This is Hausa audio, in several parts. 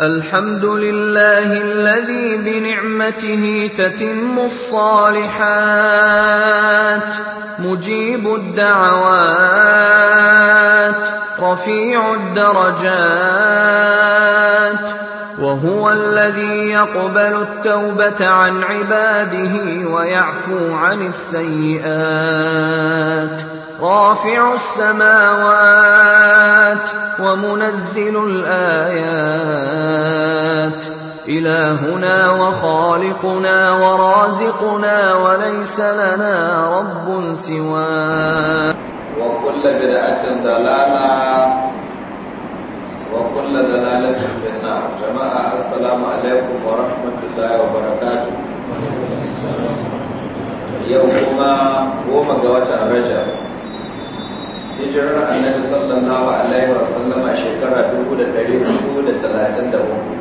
الحمد لله الذي بنعمته تتم الصالحات مجيب الدعوات رفيع الدرجات وهو الذي يقبل التوبه عن عباده ويعفو عن السيئات رافع السماوات ومنزل الايات الهنا وخالقنا ورازقنا وليس لنا رب سواه وكل بدعه دلالة وكل دلاله في النار جماعه السلام عليكم ورحمه الله وبركاته يوم ما هو ga الرجل hijirar annabi sallallahu alaihi wa sallama shekara dubu da ɗari dubu da talatin da uku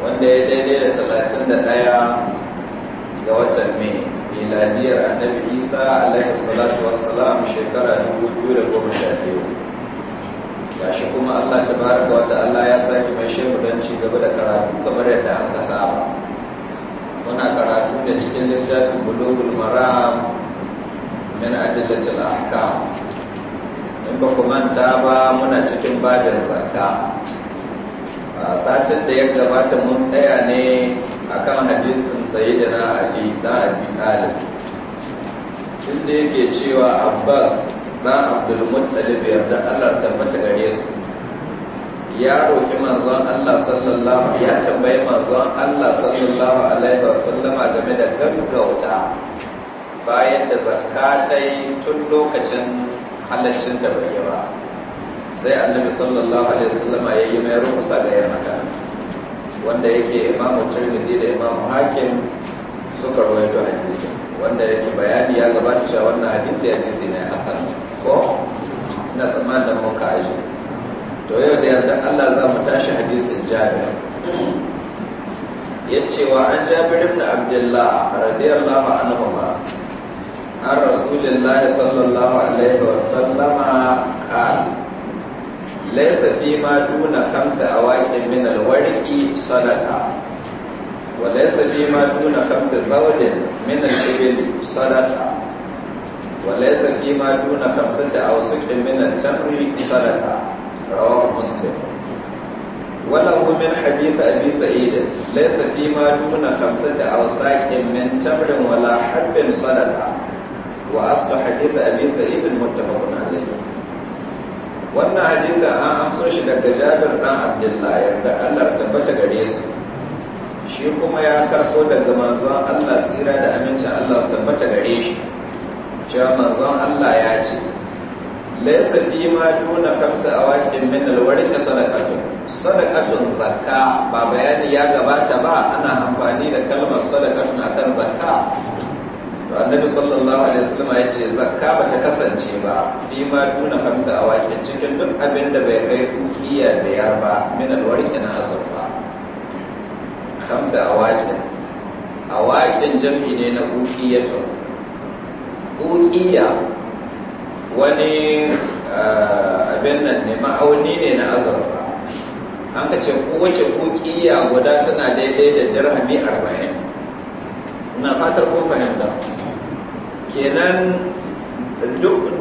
wanda ya daidai da talatin da ɗaya ga watan mai miladiyar annabi isa alaihi salatu wa salam shekara dubu biyu da goma sha biyu gashi kuma allah ta tabaraka wata Allah ya sake mai shehu don ci gaba da karatu kamar yadda aka saba muna karatu da cikin littafin bulogul maram min adillatil ahkam in ba ku manta ba muna cikin babin zakka satin da ya gabata mun tsaya ne akan hadisin sayyidina ali da abi talib inda yake cewa abbas na abdul muttalib yarda Allah tabbata gare su ya roƙi manzon Allah sallallahu ya tambayi manzon Allah sallallahu alaihi wasallama game da gaggauta bayan da zakka ta yi tun lokacin halaccin ta bayyana sai annabi sallallahu alaihi wasallam ya yi mai rukusa ga yan haka wanda yake imamu tirmidhi da imamu hakim suka rawaito hadisi wanda yake bayani ya gabata cewa wannan hadisi hadisi ne hasan ko ina tsammanin da muka aje to yau da yarda Allah za mu tashi hadisin jabir yace wa an jabir ibn abdullah radiyallahu anhu ma an rasulun lahi sallallahu alaihi wasallama kal laisa fi ma duna kamsa a waƙin min alwariki sadaka wa laisa ma duna kamsa baudin min alibin sadaka wa laisa ma duna kamsa ta ausukin min alcamri sadaka rawa muslim wala min hadith abi sa'id laisa ma duna kamsa ta ausakin min tamrin wala habbin sadaka وأصل حديث أبي سعيد متفق عليه wannan hadisa an amso shi daga jabir ɗan abdullahi yadda allah tabbata gare su shi kuma ya karko daga manzon allah tsira da amincin allah su tabbata gare shi cewa manzon allah ya ce laisa fi ma duna kamsa a waƙin min alwarin da sadakatun sadakatun zakka ba bayani ya gabata ba ana amfani da kalmar sadakatun akan zakka to annabi sallallahu alaihi wasallam ya ce zakka ba ta kasance ba fi ma duna hamsa awakin cikin duk abin da bai kai dukiya da ba min warke na azurfa hamsa a awakin jam'i ne na to ukiya wani eh, abin nan ne ma'auni ne na azurfa an ka ce kowace ukiya guda tana daidai da dirhami arba'in na fatar ko fahimta kenan eh, duk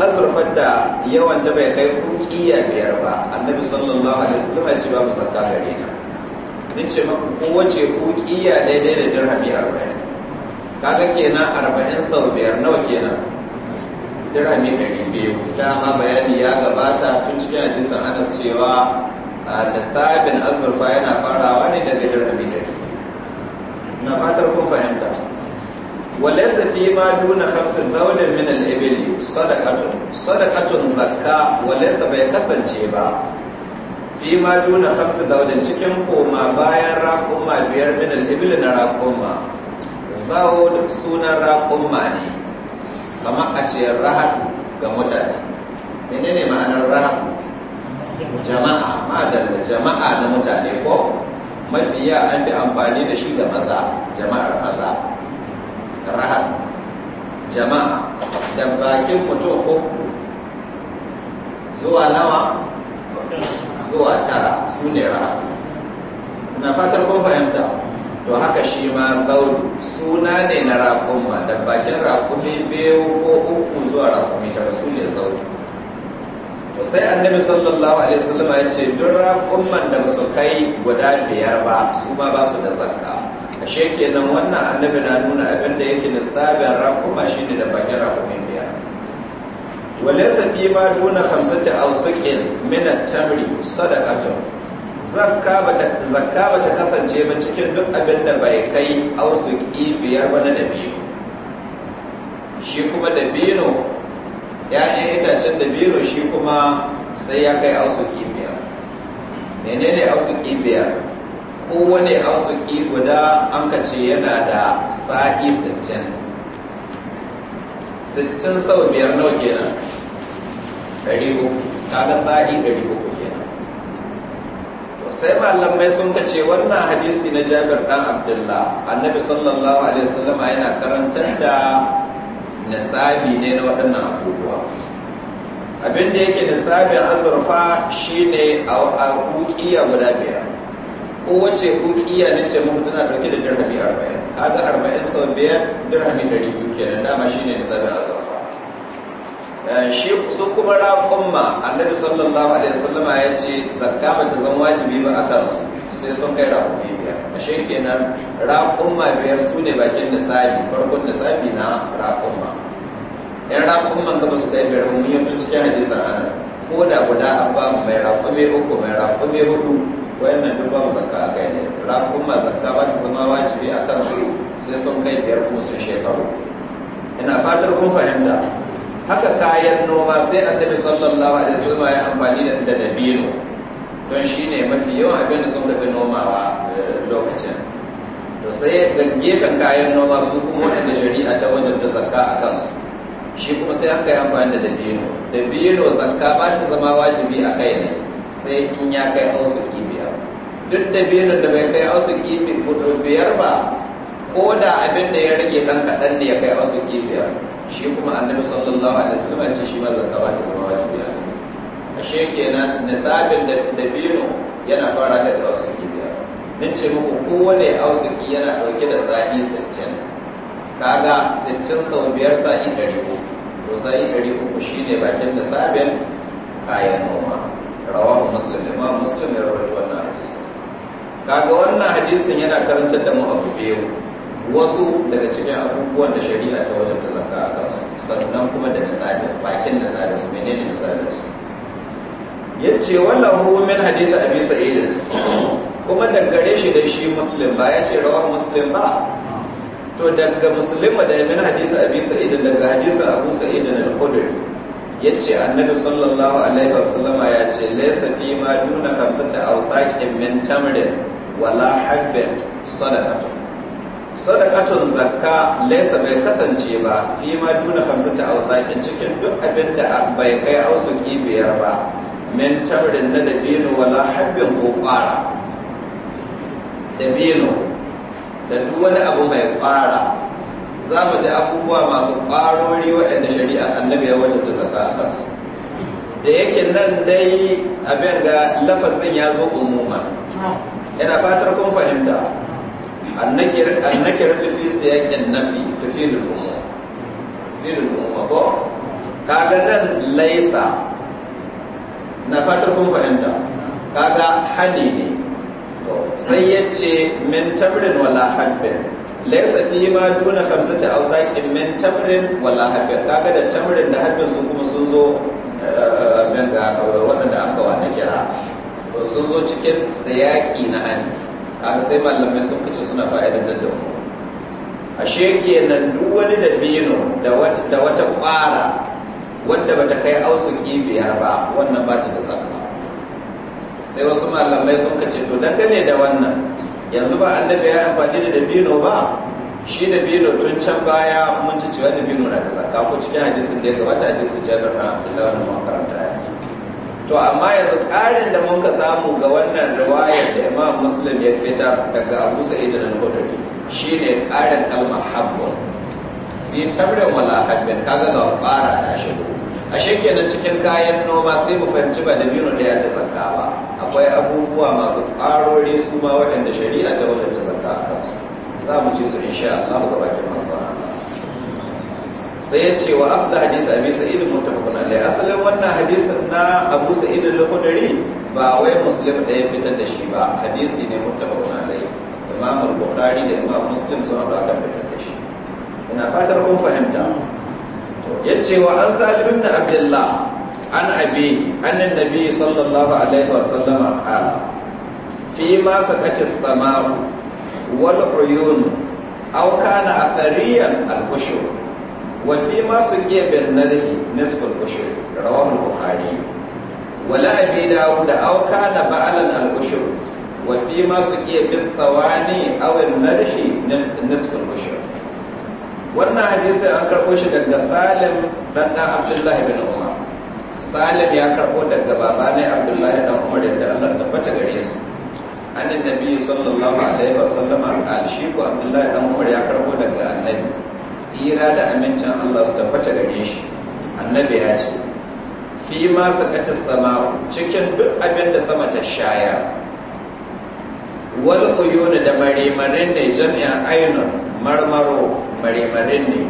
azurfar da yawan ta bai kai kukiya biyar ba annabi sallallahu alaihi wasallam ya ci babu zakka gare ta mun ce maka kowace kukiya daidai da dirhami arba'in kaga kenan arba'in sau biyar nawa kenan dirhami ɗari biyu ma bayani ya gabata tun cikin hadisin anas cewa eh, da sabin azurfa yana farawa ne daga dirhami ɗari na fatar kun fahimta walaysa fi ma duna khamsin zawlin min al-ibil sadaqatun sadaqatun zakka walaysa bai kasance ba fi ma duna khamsin zawlin cikin koma bayan raqumma biyar min al-ibil na raqumma Bawo duk sunan raqumma ne kamar a ce rahatu ga mutane menene ma'anar rahatu jama'a ma da jama'a na mutane ko mafiya an bi amfani da shi ga maza jama'ar maza rahar jama'a da bakin mutum ko zuwa nawa zuwa tara su ne rahar na fatar kun fahimta to haka shi ma gauru suna ne na raƙuma da bakin raƙumi biyu ko uku zuwa rakumi tara su ne zaune sai annabi sallallahu alaihi wasallam ya ce duk raƙumman da musu kai guda biyar ba su ma ba su da zakka ashe kenan wannan annabi na nuna abin da yake nisabin raƙumma shine da bakin raƙumin biyar walaysa fi ma duna khamsati awsaqin min at-tamri sadaqatu zakka ba ta kasance ba cikin duk abin da bai kai awsaqi biyar ba na dabino shi kuma dabino ya'yan itacen dabino shi kuma sai ya kai ausuki biyar ne ausuki biyar kowane ausuki guda an ka ce yana da sa'i sittin sittin sau biyar nawa kenan ɗari uku ga sa'i ɗari uku kenan to sai malamai sun ka ce wannan hadisi na jabir dan abdullah annabi sallallahu alaihi wasallama yana karantar da nasabi ne na waɗannan abubuwa abin da yake lissafin azurfa shine a kukiya guda biyar kowace kukiya na ce muku tana dauke da dirhami arba'in kaga arba'in sau biyar dirhami ɗari biyu da dama shine lissafin azurfa eh, shi su kuma raƙumma annabi sallallahu alaihi wasallama ya ce zakka ba ta zama wajibi ba a kansu sai sun kai raƙumi biyar A ashe kenan raƙumma biyar su ne bakin nisa'i farkon nisa'i na raƙumma yan rakun man gaba su kai mai rakon yin tun cikin hadisan anas ko da guda an ba mu mai rakon mai uku mai rakon mai hudu wayannan duk ba mu zakka a kai ne rakon ma zakka ba ta zama wajibi a kan su sai sun kai biyar kuma sun shekaru ina fatar kun fahimta haka kayan noma sai annabi sallallahu alaihi wasallam ya amfani da dabino don shi ne mafi yawan abin da sun fi nomawa eh, lokacin to sai da gefen kayan noma su kuma waɗanda shari'a ta wajen ta zakka a kansu shi kuma sai aka yi amfani da dabino dabino zakka ba ta zama wajibi a kai ne sai in ya kai ausu biyar duk dabino da bai kai ausu biyar ba ko da abin da ya rage dan kaɗan ne ya kai ausu biyar shi kuma annabi sallallahu alaihi wasallam ce shi ma zakka ba ta zama wajibi a kai ashe kenan nisabin da dabino yana fara da ausu biyar. nan ce muku kowane ausu yana ɗauke da sahi sittin kaga sittin sau biyar sa'i 300 to sa'i shi ne bakin da sabin kayan noma rawahu musulmi ma musulmi ya rubuta wannan hadisi kaga wannan hadisin yana karantar da mu abu biyu wasu daga cikin abubuwan da shari'a ta wajen ta zaka a kansu sannan kuma da misali bakin misali su menene misali su yace wallahu min hadisi abi sa'id kuma dangare shi da shi muslim ba yace rawa muslim ba to daga musulma da min hadisi abi sa'id daga hadisi abu sa'id al-khudri yace annabi sallallahu alaihi wasallama ya ce laysa fi ma duna khamsati awsaqin min tamrin wala habbin sadaqatu sadaqatu zakka laysa bai kasance ba fi ma duna khamsati awsaqin cikin duk abin da bai kai awsaqi biyar ba min tamr na dabino wala habbin ko kwara dabino da duk wani abu mai fara za mu ji abubuwa masu ƙwarori waɗanda shari'a annabi ya ta zaka a kansu da yake nan dai abin ga lafazin ya zo umuma yana fatar kun fahimta annakir tufi siyakin nafi tufilul tufi tufilul umum ko kaga nan laisa na fatar kun fahimta kaga hani ne sai ya ce min tamrin wala harbin. laisa fi ma duna khamsati awsaqin min tamrin wala habbin kaga da tamrin da harbin sun kuma sun zo eh, waɗanda aka wa na kira sun zo cikin sayaki na hannu kaga sai malamai sun fice suna fa'idar da mu ashe kenan duk wani dabino da wata kwara wanda bata kai ausu kibiyar ba wannan ba ta da saa sai wasu malamai sun kace to dangane da wannan yanzu ba annabi ya amfani da dabino ba shi dabino tun can baya mun ci cewa dabino na da saka ko cikin hadisin da ya gabata hadisin Jabir na Allah ibn makaranta ya ce to amma yanzu ƙarin da mun ka samu ga wannan riwaya da Imam Muslim ya fitar daga Abu Sa'id al-Khudri shine ƙarin kalmar habbun fi tabrin wala habbin kaga ga fara ta shi ashe kenan cikin kayan noma sai mu fahimci ba dabino da ya da ba akwai abubuwa masu ƙarori su ma waɗanda shari'a ta wajen ta zaka a kansu za mu ce su insha Allah ga bakin manzo sai ya ce wa asla hadith abi sa'id muttafaqun alai asalin wannan hadisin na Abu Sa'id al-Khudri ba wai muslim ya fitar da shi ba hadisi ne muttafaqun alai Imam al-Bukhari da Imam Muslim sun haɗu kan fitar da shi ina fatar kun fahimta to yace wa an Salim ibn Abdullah an abi annan nabi sallallahu alaihi wasallam qala fi ma sakati as-sama'u wal uyun aw kana athariyan al-ushur wa fi ma suqiya bin nadhi nisf al-ushur rawahu al-bukhari ولا أبي داود أو كان بعلا الأشر وفيما سقي بالصواني أو المرح نصف الأشر wannan hadisi an karɓo shi daga salim dan dan abdullahi bin umar salim ya karɓo daga babanai abdullahi dan umar da Allah tabbata gare su annin nabi sallallahu alaihi wa sallama Al-shiku abdullahi dan umar ya karɓo daga annabi tsira da amincin Allah su tabbata gare shi annabi ya ce fi ma sakata sama cikin duk abin da sama ta shaya wal uyun da marimarin ne jami'a ainun marmaro marimarin ne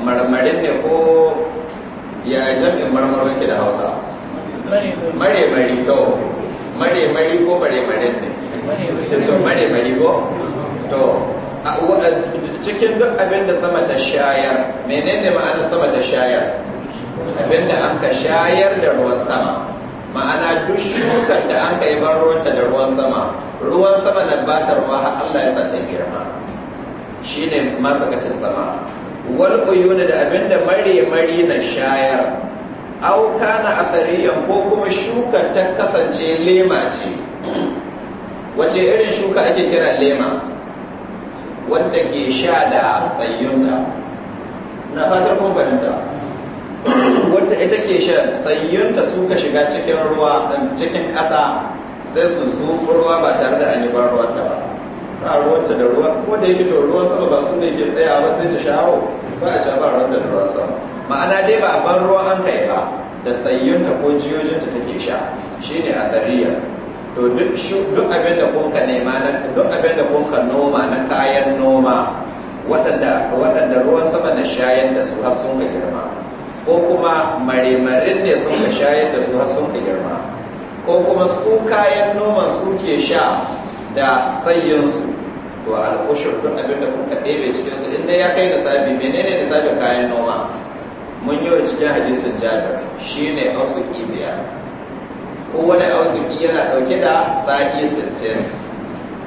marmarin ne ko ya jami marmarin ke da hausa mare mari to mare mari ko mare mare ne to mare mari ko to cikin duk abin da sama ta shayar menene ma'anar sama ta shayar abin da an ka shayar da ruwan sama ma'ana duk shukar da an ka yi ban ruwanta da ruwan sama ruwan sama na ba ta ruwa har Allah ya sa ta girma shine masakacin sama wal uyuna da abinda mare mari na shayar au kana athariyan ko kuma shukar ta kasance lema ce wace irin shuka ake kira lema wanda ke sha da tsayyunta na fatar kun fahimta wanda ita ke sha tsayyunta suka shiga cikin ruwa cikin ƙasa sai su zo ruwa ba tare da an ruwa ta ba ba ruwanta da ruwa ko da yake to ruwan sama ba sun da yake tsaya ba sai ta shawo ba a sha ba ruwanta da ruwan sama ma'ana dai ba a ban ruwa an kai ba da ta ko ta take sha shine tsariya to duk duk abin da kun ka nema na duk abin da kun ka noma na kayan noma waɗanda waɗanda ruwan sama na shayar da su har sun ka girma ko kuma maremarin ne sun ka shayar da su har sun ka girma ko kuma su kayan noma su ke sha da sayyansu to al'ushur duk abin da kuka ɗebe cikinsu inda ya kai sabi menene sabi kayan noma mun yi wa cikin hadisin jabir shi ne ausuki Ko wani ausuki yana ɗauke da sa'i sittin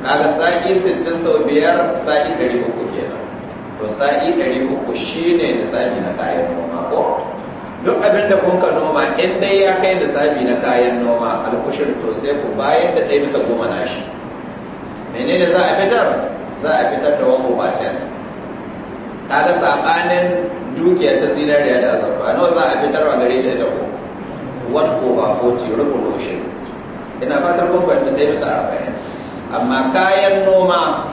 kaga sa'i sittin sau biyar sa'i ɗari uku kenan to sa'i ɗari uku shi ne sabi na kayan noma ko duk abin da kun ka noma in dai ya kai sabi na kayan noma alkushin to sai ku bayan da ɗaya bisa goma na shi menene za a fitar za a fitar da wabo bacin kaga sabanin dukiyar ta zinariya da azurfa nawa za a fitar wa gare ta ita ko one over forty rubun ocean ina fatar kun da ɗaya bisa arba'in amma kayan noma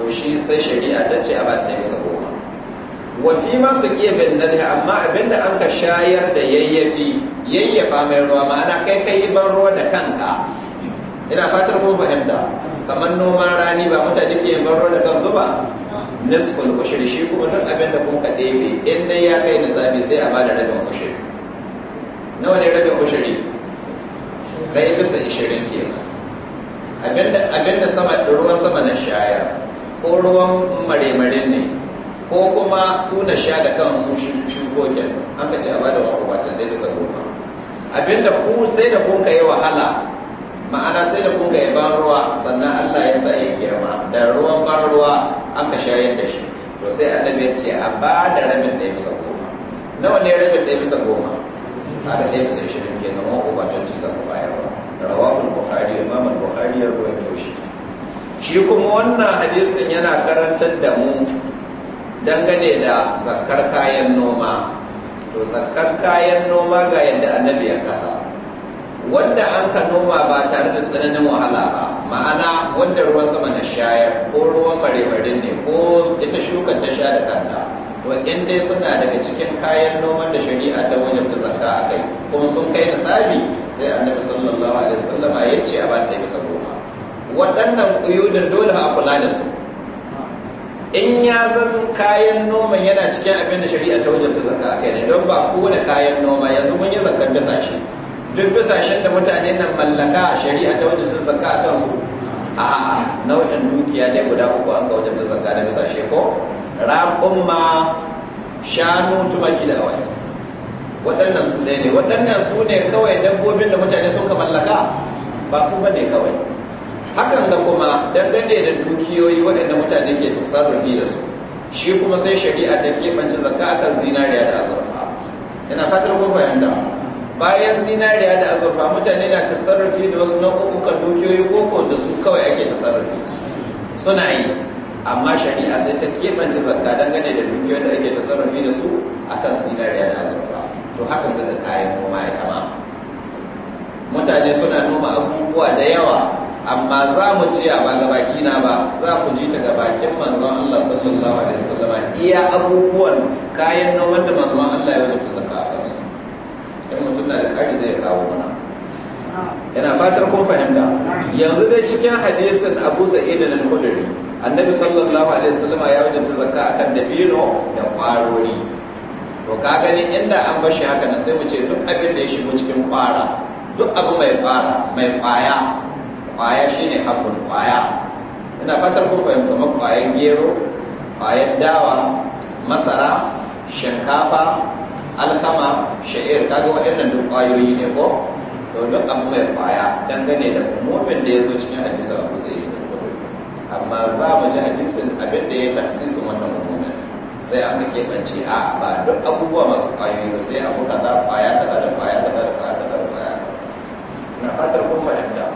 to shi sai shari'a ta ce a ba ɗaya bisa goma wafi masu ƙebin nan amma abinda an ka shayar da yayyafi yayyafa mai ruwa ma'ana kai kai ban ruwa da kanka ina fatar kun fahimta kamar noman rani ba mutane ke baro da kansu ba nisful ushir shi kuma duk abin da kuka ɗebe in dai ya kai nisabi sai a bada rabin ushir nawa ne rabin ushiri ɗaya bisa ishirin kenan abin abinda sama ruwan sama na shayar ko ruwan maremarin ne ko kuma su na sha da kansu shukokin an ka ce a bada wa ɗaya bisa goma abinda ku sai da kuka yi wahala ma'ana sai da kuka yi ban ruwa sannan Allah ya sa ya girma da ruwan ban ruwa aka shayar da shi to sai annabi ya ce a ba da rabin ɗaya bisa goma nawa ne rabin ɗaya bisa goma a da ɗaya bisa shirin ke nan wani ubatan ci zama bayarwa rawahul bukhari imam bukhari ya ruwan yaushe shi kuma wannan hadisin yana karantar da mu dangane da zakar kayan noma to zakar kayan noma ga yadda annabi ya kasa wanda an ka noma ba tare da tsananin wahala ba ma'ana wanda ruwan sama na shayar ko ruwan mare ne ko ita shuka ta sha da kanta to dai suna daga cikin kayan noman da shari'a ta wajen ta zakka a kai kuma sun kai nisabi sai annabi sallallahu alaihi wasallama ya ce a ba da bisa goma waɗannan ƙuyudin dole a kula da su in ya zan kayan noman yana cikin abin da shari'a ta wajen ta zakka a kai ne don ba kowane kayan noma yanzu mun yi zakkan bisa shi duk bisashen da mutane nan mallaka a shari'a ta wajen sun zaka a kansu a nau'in dukiya ne guda uku an kawajen ta zaka da bisashe ko raƙun ma shanu tumaki da awaki waɗannan su ne ne waɗannan su ne kawai dabbobin da mutane suka mallaka ba su ba ne kawai hakan da kuma dangane da dukiyoyi waɗanda mutane ke tasarrufi da su shi kuma sai shari'a ta keɓance zakka akan zinariya da azurfa ina fatar kuma fahimta bayan zinariya da azurfa mutane na sarrafi da wasu nau'ukan dukiyoyi ko da su kawai ake sarrafi. suna yi amma shari'a sai ta keɓance zakka dangane da dukiyoyin da ake sarrafi da su akan zinariya da azurfa to hakan da kayan noma ya kama mutane suna noma abubuwa da yawa amma za mu ce a ba baki na ba za ku ji ta bakin manzon Allah sallallahu alaihi wasallam iya abubuwan kayan noman da manzon Allah ya wajaba in mutum na da ƙari zai kawo mana yana fatar kun fahimta yanzu dai cikin hadisin abu sa'idin al-hudri annabi sallallahu alaihi wasallam ya wajenta zakka akan dabino da kwarori to ka gani inda an bashi haka na sai mu ce duk abin da ya shigo cikin kwara duk abu mai kwara mai kwaya kwaya shine abun kwaya ina fatar kun fahimta kamar kwayan gero kwayan dawa masara shinkafa alkama sha'ir kaga waɗannan duk ƙwayoyi ne ko to duk abu mai ƙwaya dangane da umumin da ya zo cikin kusa abu da ya amma za mu ji hadisin abin da ya tasisin wannan umumin sai aka keɓance a ba duk abubuwa masu ƙwayoyi ba sai abu kaza ƙwaya ta da ƙwaya ta da ƙwaya ta da ƙwaya na fatar kun fahimta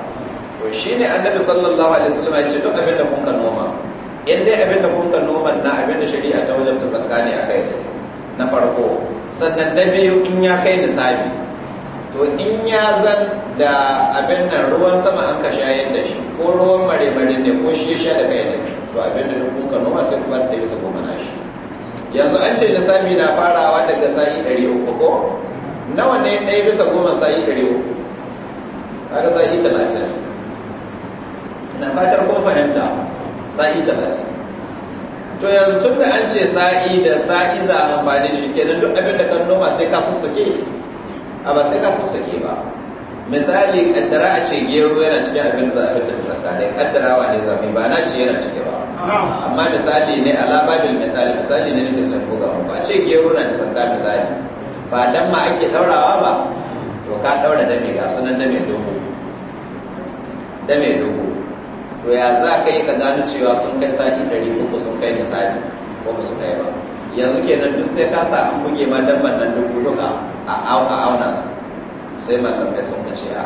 to shi ne annabi sallallahu alaihi wasallam ya ce duk abin da kun ka noma in dai abin da kun ka noma na abin da shari'a ta wajen ta zakka ne akai na farko sannan na biyu in ya kai misali to in ya zan da abin nan ruwan sama an ka shayar da shi ko ruwan mare-mare ne ko shi ya sha da kai ne to abin da duk kuka noma sai kuma da yasa goma na shi yanzu an ce misali na farawa daga sa'i 300 ko nawa ne ɗaya bisa goma sa'i 300 Har sa'i 30 ina fatar kun fahimta sa'i 30 to yanzu tun da an ce sa'i da sa'i za a amfani da shi kenan duk abin da kan noma sai ka sussuke a ba sai ka sussuke ba misali kaddara a ce gero yana cikin abin da za a fitar da zakka kaddara kaddarawa ne zafi ba na ce yana cike ba amma misali ne a labarin misali misali ne nake son buga ba ce gero na da zakka misali ba dan ma ake daurawa ba to ka daura me ga sunan dubu. dogo me dogo to ya za ka yi ka gano cewa sun kai sa'i ɗari uku sun kai misali ko ba su kai ba yanzu kenan duk sai ka sa an buge ma dabban nan dubu duka a auna su sai malamai sun ka ce a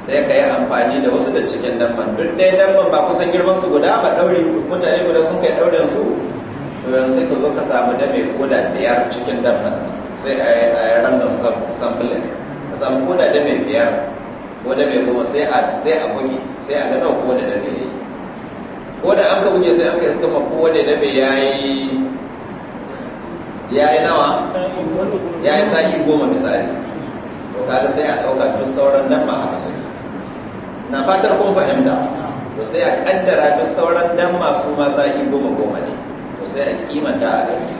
sai ka yi amfani da wasu da cikin dabban duk ɗaya dabban ba kusan girman su guda ba ɗaure mutane guda sun kai ɗaurin su to yanzu sai ka zo ka samu da mai koda biyar cikin dabban sai a yi ranar sampling ka samu koda da mai biyar ko da mai kuma sai a sai a buge sai a gano ko da dare yayi ko da aka buge sai aka iska ma ko da dare yayi yayi nawa yayi sa'i goma misali to kaga sai a dauka duk sauran nan ma haka su na fatar kun fahimta to sai a kaddara duk sauran nan masu ma sa'i goma goma ne to sai a kimanta a gani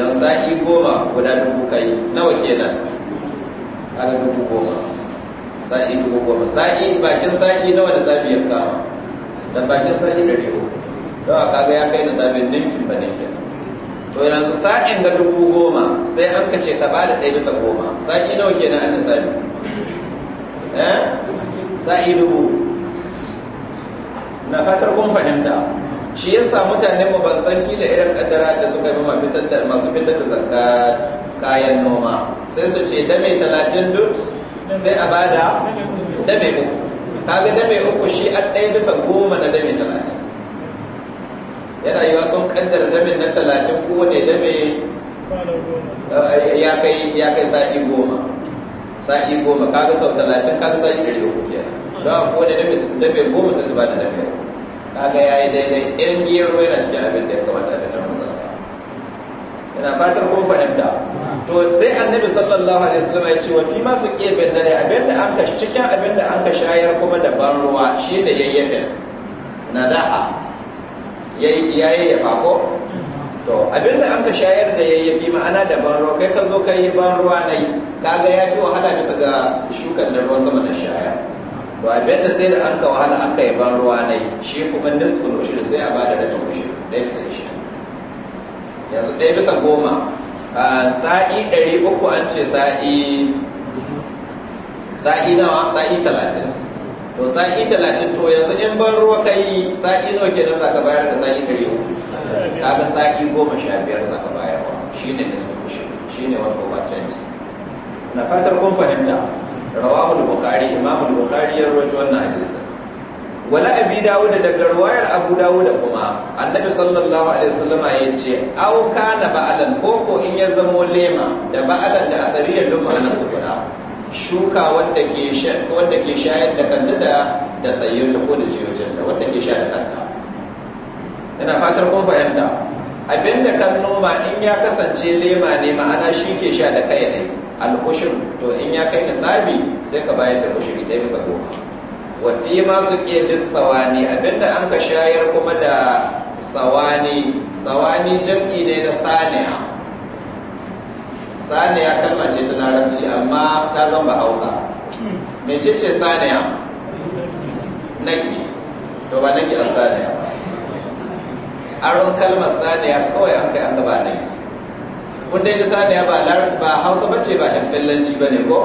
yan sa'i goma guda dubu kai nawa kenan ana dubu goma sa'i dubu goma sa'i bakin sa'i nawa da safi ya kama da bakin sa'i ɗari uku don a kaga ya kai da sabin ninkin ba ninkin to yanzu sa'in ga dubu goma sai an ka ce ka ba da ɗaya bisa goma sa'i nawa kenan an lissafi eh sa'i dubu na fatar kun fahimta shi yasa mutanen mu ban san kila irin kaddara da suka yi ma fitar da masu fitar da zakka kayan noma sai su ce dame talatin dut sai a bada dame uku kaga dame uku shi an ɗaya bisa goma na dame talatin yana yiwa sun kaddara damin na talatin kowane dame eh, ya kai ya kai sa'i goma sa'i goma kaga sau talatin kaga sa'i ɗari uku kenan don a kowane dame dame goma su su bada dame uku kaga ya yi daidai irin gero yana cikin abin da ya kamata a tattara ina fatar kun fahimta to sai annabi sallallahu alaihi wasallam ya ce wa fi ma su kebe da ne abinda an cikin abinda an ka shayar kuma da ban ruwa shi da yayyafe na da'a yayi yayi ya ko to abinda an ka shayar da yayyafi ma'ana da ban ruwa kai ka zo ka yi ban ruwa na kaga ya fi wahala bisa ga shukan da ruwan sama da shayar to abinda sai da an ka wahala an kai yi ban ruwa na shi kuma nisfin ushir sai a bada da tushe dai bisa shi yanzu ɗaya bisa goma sa'i ɗari uku an ce sa'i sa'i nawa sa'i talatin to sa'i talatin to yanzu in ban ruwa ka yi sa'i nawa kenan zaka bayar da sa'i ɗari uku kaga sa'i goma sha biyar zaka bayarwa kushe, nisbin ne wani kowa twenty na fatar kun fahimta rawahu da bukhari Imamu da bukhari ya rawaito wannan hadisi wala abi da daga ruwayar abu da kuma annabi sallallahu alaihi wasallama ce auka kana ba'alan koko in ya zamo lema da ba'alan da athariyan duk ma'ana su guda shuka wanda ke wanda ke shayar da kanta da da sayyar da ko da jiyojin da wanda ke shayar da kanta ina fatar kun fahimta abinda kan noma in ya kasance lema ne ma'ana shi ke sha da kai ne al to in ya kai nisabi sai ka bayar da ushuri ɗaya bisa goma wafi masu ke bis sawani abinda an ka shayar kuma da sawani sawani jam'i ne na saniya saniya kalma ce ta larabci amma ta zamba hausa ce saniya nagi to ba nagi a saniya aron kalmar saniya kawai an kai an gaba nagi kun dai ji saniya ba hausa bace ba yan fillanci ba ne ko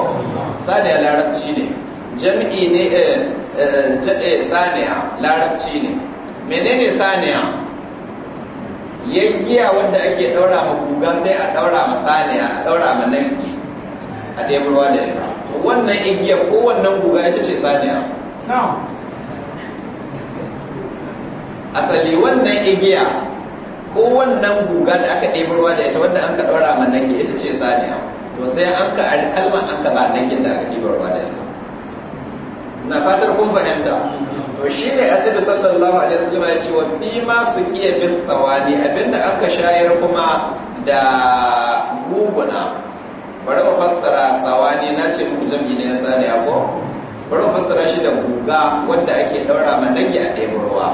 saniya larabci ne jami'i ne eh, eh, saniya larabci ne menene saniya yayyiya wanda ake daura ma guga sai a daura ma saniya a daura ma nan a ɗeburwa da ita wannan igiya ko wannan guga ita ce saniya asali wannan igiya ko wannan guga da aka ɗeburwa da ita wanda an ka daura ma nan ita ce saniya to sai an ka kalmar an ka ba nankin da aka ɗeburwa da ita na fatar kun fahimta to shi ne annabi sallallahu alaihi wasallam ya ce wa fi ma su iya sawani abinda aka shayar kuma da guguna bari mu fassara sawani na ce muku jami'i ne sani ko bari mu fassara shi da guga wanda ake daura ma dangi a ɗaya ruwa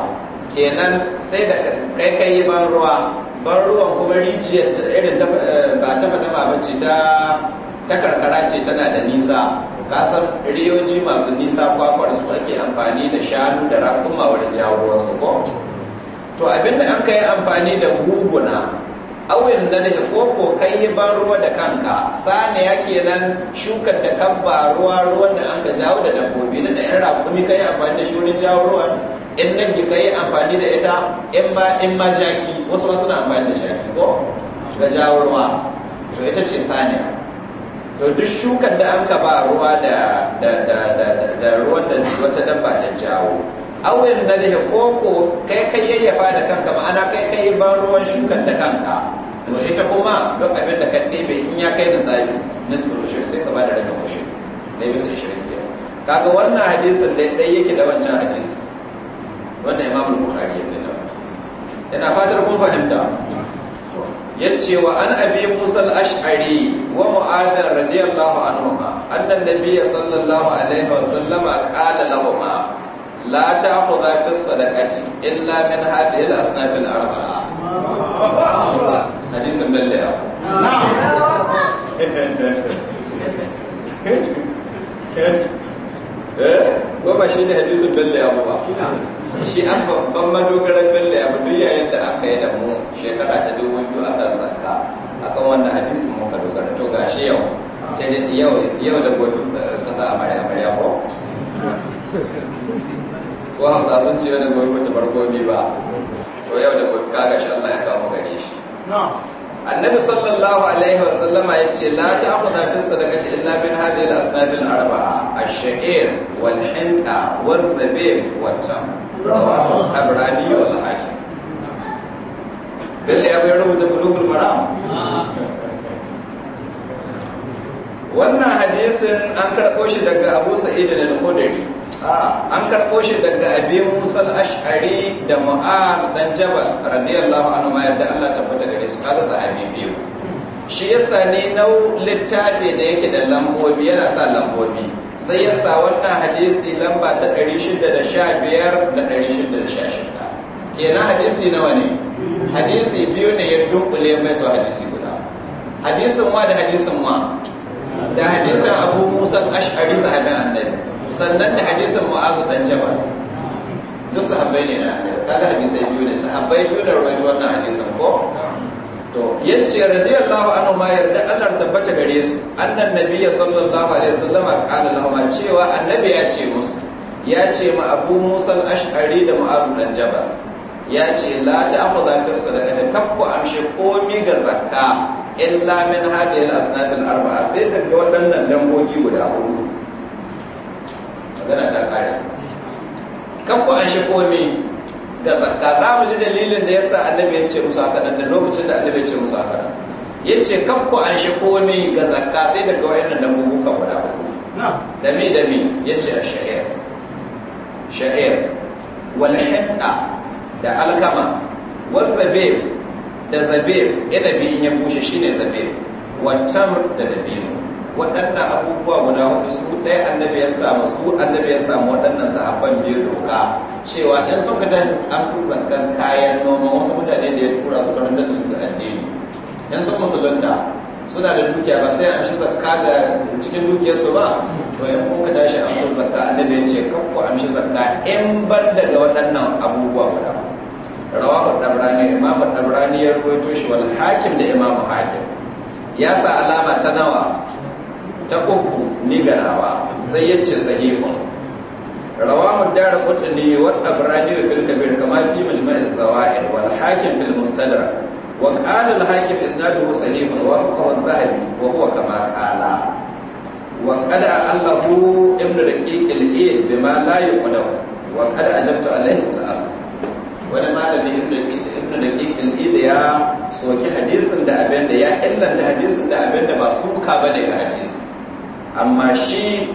kenan sai da kai kai ban ruwa ban ruwan kuma rijiyar irin eh, ba ta faɗa ba ce ta karkara ce tana da nisa kasar riyoci masu nisa kwakwar su ake amfani da shanu da rakuma wajen jawo su ko to abinda an kai amfani da guguna awin na da koko kai yi ban ruwa da kanka sani ya kenan shukar da kan ba ruwa ruwan da an ka jawo da dabbobi na da yan rakumi kai amfani da shurin jawo ruwan in nan ki kai amfani da ita in ma in ma jaki wasu wasu na amfani da jaki ko ga jawo ruwa to ita ce saniya to duk shukan da an ba ruwa da ruwan da wata dabba ta jawo awin da zai koko kai ka ya fada kanka ma'ana kai kai ba ruwan shukan da kanka to ita kuma duk abin da ka ɗebe in ya kai misali nisbu ushur sai ka ba da rabin ushur dai bisa shirin kaga wannan hadisin da dai yake da wancan hadisi wannan imamul bukhari ya da fatar kun fahimta yace wa an abi musa al-ash'ari wa mu'adh radiyallahu anhuma anna an-nabiyya sallallahu alaihi wa sallama qala lahumma la ta'khudha fi as-sadaqati illa min hadhihi al-asnaf al-arba'a hadisin dalle eh goma shine hadisin dalle abu ba shi an babban madogaran bello ya duk yayin da aka yi da mu shekara ta dubu biyu a kan a akan wanda hadisin muka dogara to gashi yau yau yau da gobe eh, kasa amarya amarya ko ko hausa sun ce wani gobe ta farko ne ba to yau da gobe kaga shi Allah ya kawo gare shi annabi sallallahu alaihi wa sallama ya ce la ta'khudha fi sadaqati illa min hadhihi al-asnaf al-arba'a ash-sha'ir wal-hinqa waz-zabib wat-tamr rawahu al wal hakim dalle abai rubuta bulugul maram wannan hadisin an karɓo shi daga abu sa'id al-khudri an karɓo shi daga abi musa al-ash'ari da mu'ad dan jabal radiyallahu anhu ma yadda Allah tabbata gare su kaga sahabi biyu shi ya sani na littafi da yake da lambobi yana sa lambobi sai ya sa wannan hadisi lamba ta 615 da 616 na hadisi nawa ne hadisi biyu ne ya dunkule mai su hadisi guda hadisin wa da hadisin wa da hadisin abu musa ash'ari sahabin annabi sannan da hadisin mu'azu dan jabal duk sahabbai ne na annabi kaga hadisai biyu ne sahabbai biyu da ruwaito wannan hadisin ko to yace radiyallahu anhu ma yarda Allah tabbata gare su annan nabiyya sallallahu alaihi wasallama qala lahum cewa annabi ya ce musu ya ce ma Abu Musa al-Ash'ari da Mu'az bin Jabal ya ce la ta'khudha ka sadaqata kakku amshi komi ga zakka illa min hadhihi al-asnaf al-arba'a sai daga waɗannan dangogi guda hudu magana ta kare kakku amshi komi da zakka za mu ji dalilin da yasa annabi ya ce musu haka nan da lokacin da annabi ya ce musu haka ya ce kafku an shi komi ga zakka sai daga wayannan dabbobi kan guda uku da me da me ya ce sha'ir sha'ir wal hinta da alkama wal zabib da zabib inabi in ya bushe shine zabib wa tamr da dabino waɗannan abubuwa guda hudu su ɗaya annabi ya samu su annabi ya samu waɗannan sahabban biyu doka cewa in ka tashi amsa zankan kayan noma wasu mutane da ya tura su karanta da su ga addini in sun musulunta suna da dukiya ba sai amshi zakka ga cikin dukiyarsu ba to in kuka tashi amsa zakka annabi ya ce kan ku amshi zakka in ban daga waɗannan abubuwa guda rawahu Ɗabrani, imam Ɗabrani, ya ruwaito shi wal hakim da imam hakim ya sa alama ta nawa ta uku ni ganawa sai ya ce sahihun rawahu dar qutni wa tabrani fil kabir kama fi majma' az-zawaid wal hakim fil mustadrak wa qala al-hakim isnaduhu sahihun wa huwa al zahabi wa huwa kama qala wa qala allahu ibn daqiq al-ayd bima la yuqdahu wa qala ajabtu alayhi al-asl wani malami ibn daqiq al-ayd ya soki hadisin da abinda ya illanta hadisin da abinda da ba suka bane ga hadisi amma shi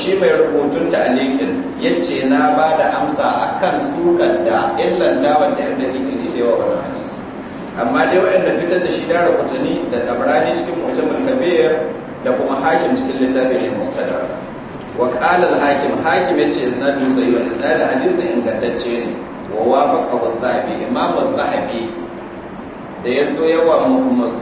shi mai rubutun likin, ya ce na ba da amsa a kan sukan da illanta wanda yan dalilin ne da yawa wani hadisi amma dai waɗanda fitar da shi da rubutani da tabrani cikin mujamul kabir da kuma hakim cikin littafin ne mustadar wa qala hakim hakim yace isnadu sahih isnadu hadisi ingantacce ne wa wafaqa al-zahabi imam zahabi da yaso yawa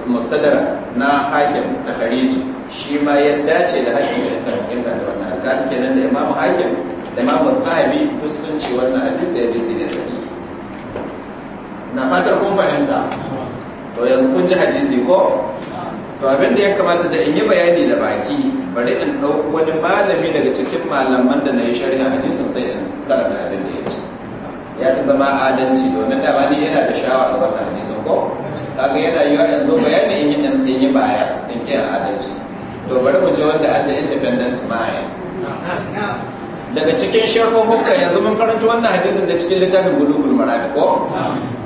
mustadar na hakim ta khariji shi ma ya dace da hakim ya inda da wannan hakan kenan da imamu hakim da imamu zahabi duk sun ce wannan hadisi ya bisi ne sahi na fatar kun fahimta to yanzu kun ji hadisi ko to abin da ya kamata da in yi bayani da baki bari in ɗauki wani malami daga cikin malaman da na yi shari'a hadisin sai in karanta abin da ya ce ya fi zama adalci domin dama ni yana da shawa a wannan hadisin ko kaga yana yiwa yanzu bayani in yi in in kiyar adalci to bari mu je wanda an da independent mind daga cikin sharhun hukka yanzu mun karanta wannan hadisin da cikin littafin bulugul marami ko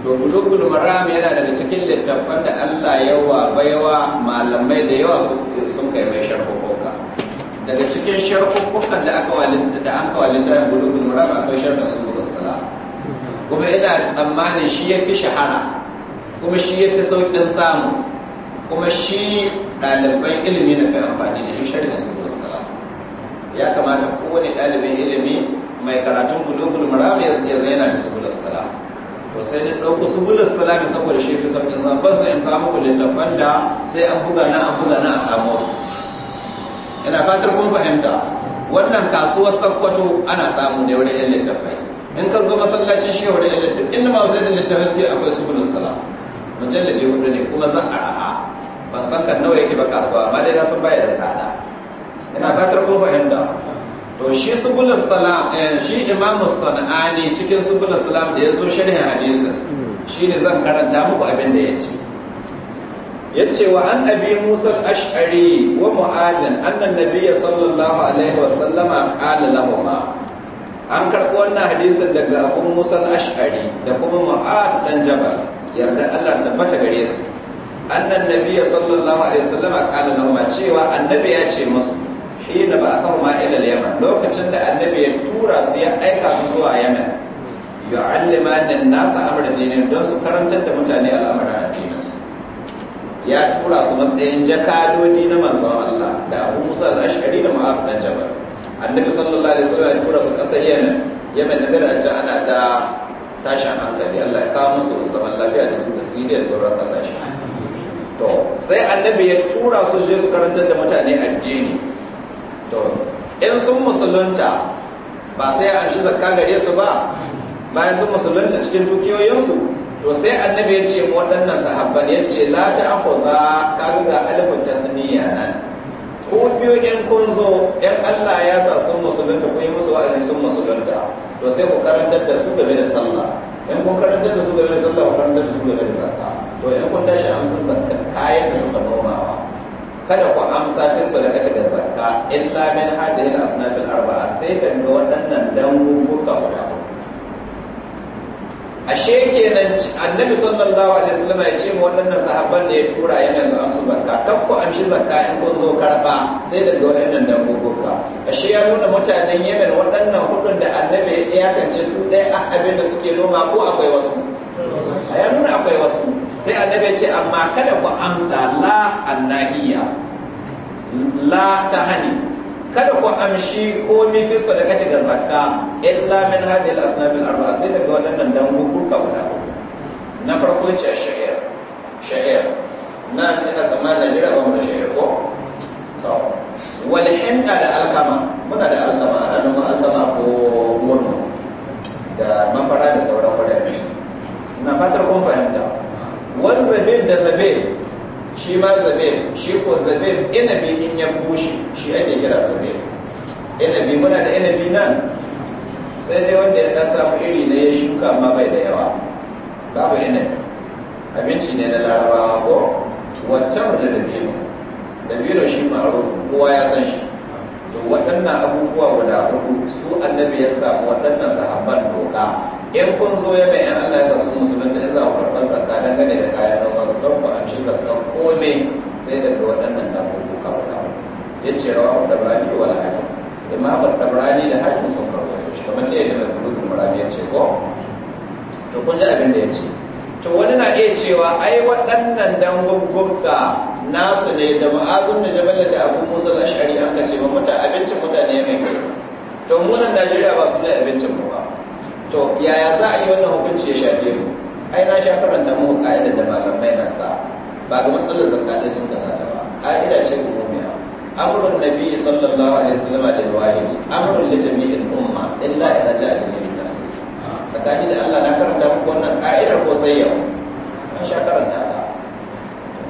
to bulugul marami yana daga cikin littafan da Allah yawa baiwa malamai da yawa sun kai mai sharhun hukka daga cikin sharhun hukkan da aka walinta da aka walinta da bulugul marami akwai sharhun sulu salam kuma ina tsammanin shi yafi shahara kuma shi yafi saukin samu kuma shi ɗaliban ilimi na kai amfani da shi su subul salam ya kamata kowane ɗalibin ilimi mai karatun bulugul marami ya zaina da Wasu salam to sai ni su subul salam saboda shi fi sauƙin sa ba su in kawo muku littafan da sai an buga na an buga na a samu su ina fatar kun fahimta wannan kasuwar sakkwato ana samu ne wani ilimin littafai in ka zo masallacin shehu da ilimin littafai inda ma wasu da littafai suke akwai su subul salam mujalladi hudu ne kuma za a ra'a ban san kan nawa yake ba kasuwa amma dai na san baya da tsada ina fatar kun fahimta to shi subul salam eh, shi imamu sanani cikin subul salam da ya zo sharhi hadisin shine zan karanta muku abin da ya yace wa an abi musa al-ash'ari wa mu'adhan anna nabiyya sallallahu alaihi wa sallama qala lahumma an karbo wannan hadisin daga abun musa ashari da kuma ma'ad dan jabal yarda Allah tabbata gare su annan nabiyya sallallahu alaihi wasallam kana lahum cewa annabi ce musu hina ba aka ma ila yaman lokacin da annabi ya tura su ya aika su zuwa yaman yu'allima an-nasa amra dinin don su karantar da mutane al'amarin addinin su ya tura su matsayin jakadodi na manzon da Abu Musa al-Ash'ari da Mu'adh dan Jabal annabi sallallahu alaihi ya tura su kasar Yemen da da ta ana ta tashin hankali kawo musu zaman lafiya da su da da sauran kasashe to sai annabi ya tura su je su karantar da mutane addini to in sun musulunta ba sai an shi zakka gare su ba bayan sun musulunta cikin dukiyoyinsu to sai annabi ya ce waɗannan sahabban ya ce la ta aku ba ka ga alifin tasniya nan ko biyo ɗin kun zo ɗan Allah ya sa sun musulunta ko yi musu wa'azi sun musulunta to sai ku karantar da su game da sallah in kun karantar da su game da sallah ku karantar da su game da zakka to yanzu kun tashi amsar zakka kayan da suka nomawa kada ku amsa fi sadaka da zakka illa min hadhihi al-asnaf al-arba'a sai daga waɗannan dangubuka guda ashe kenan annabi sallallahu alaihi wasallam ya ce waɗannan sahabban da ya tura yana su amsa zakka kan ku amshi zakka in kun zo karba sai daga waɗannan dangubuka ashe ya nuna mutanen Yemen waɗannan hudun da annabi ya kace su ɗaya abin da suke noma ko akwai wasu a ya nuna akwai wasu sai annabi ce amma kada ku amsa la annahiya la ta hani kada ku amshi ko mi fi da kace ga zakka illa min hadhihi al-asnaf al-arba'a sai daga waɗannan dan hukunka guda na farko ce sha'ir sha'ir na ina tsammanin Najeriya ba mu da sha'ir ko to wal hinna da alkama muna da alkama a noma alkama ko murna da mafara da sauran wadannan na fatar kun fahimta wani zabin da zabin shi ma zabin shi ko zabin inabi in ya bushe shi ake kira zabib inabi muna da inabi nan sai dai wanda ya dan samu iri na ya shuka amma bai da yawa babu inabi abinci ne na larabawa ko wancan da dabino dabino shi ma'arufu kowa ya san shi to waɗannan abubuwa guda uku su annabi ya samu waɗannan sahabban doka in kun zo ya bayan Allah ya sa su musulunta ya za farkon zakka zakka dangane da kayan nan wasu don ku amshi zakkan komai sai daga waɗannan dabbobi kawo kama ya ce rawa da bani wal hakim imam tabrani da hakim sun karɓo shi kamar da yadda mai kulubin ya ce ko to kun ji abin da ya ce to wani na iya cewa ai waɗannan gugguka nasu ne da ma'azun da jabal da abu musa ashari an ka ce ba mutane abincin mutane mai to mu nan Najeriya ba su ne abincin mu ba to yaya za a yi wannan hukunci ya shafe mu ai na sha karanta mu ka'idar da malamai na sa ba ga matsalar zakka sun kasa ta ba ka'ida ce umumiya amrun nabi sallallahu alaihi wasallam da wahi amrun li jami'il umma illa idza ja'a min nafsis tsakani da Allah na karanta mu wannan ka'idar ko sai yau an sha karanta ta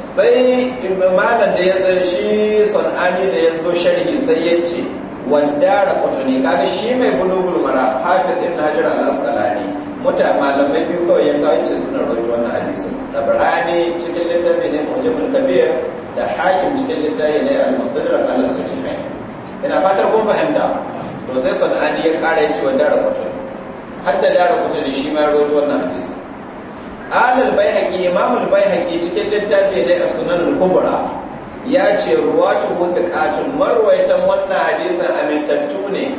sai ibn malan da ya zo shi sun'ani da ya zo sharhi sai ya ce wadda kutuni kaga shi mai bulugul mara hafizin na hajar al-asqalani muta malamai biyu kawai ya kawai ce suna roƙi wannan Da birane cikin littafi ne mujamul kabir da hakim cikin littafi ne al-mustadrak al-sunni ina fatar kun fahimta to sai sanani ya kara yace wadda kutuni hadda da kutuni shi ma roƙi wannan hadisin qala al-baihaqi imam al-baihaqi cikin littafi ne as-sunan al-kubra ya ce ruwatuhu katun marwaitan wannan hadisin amintattu ne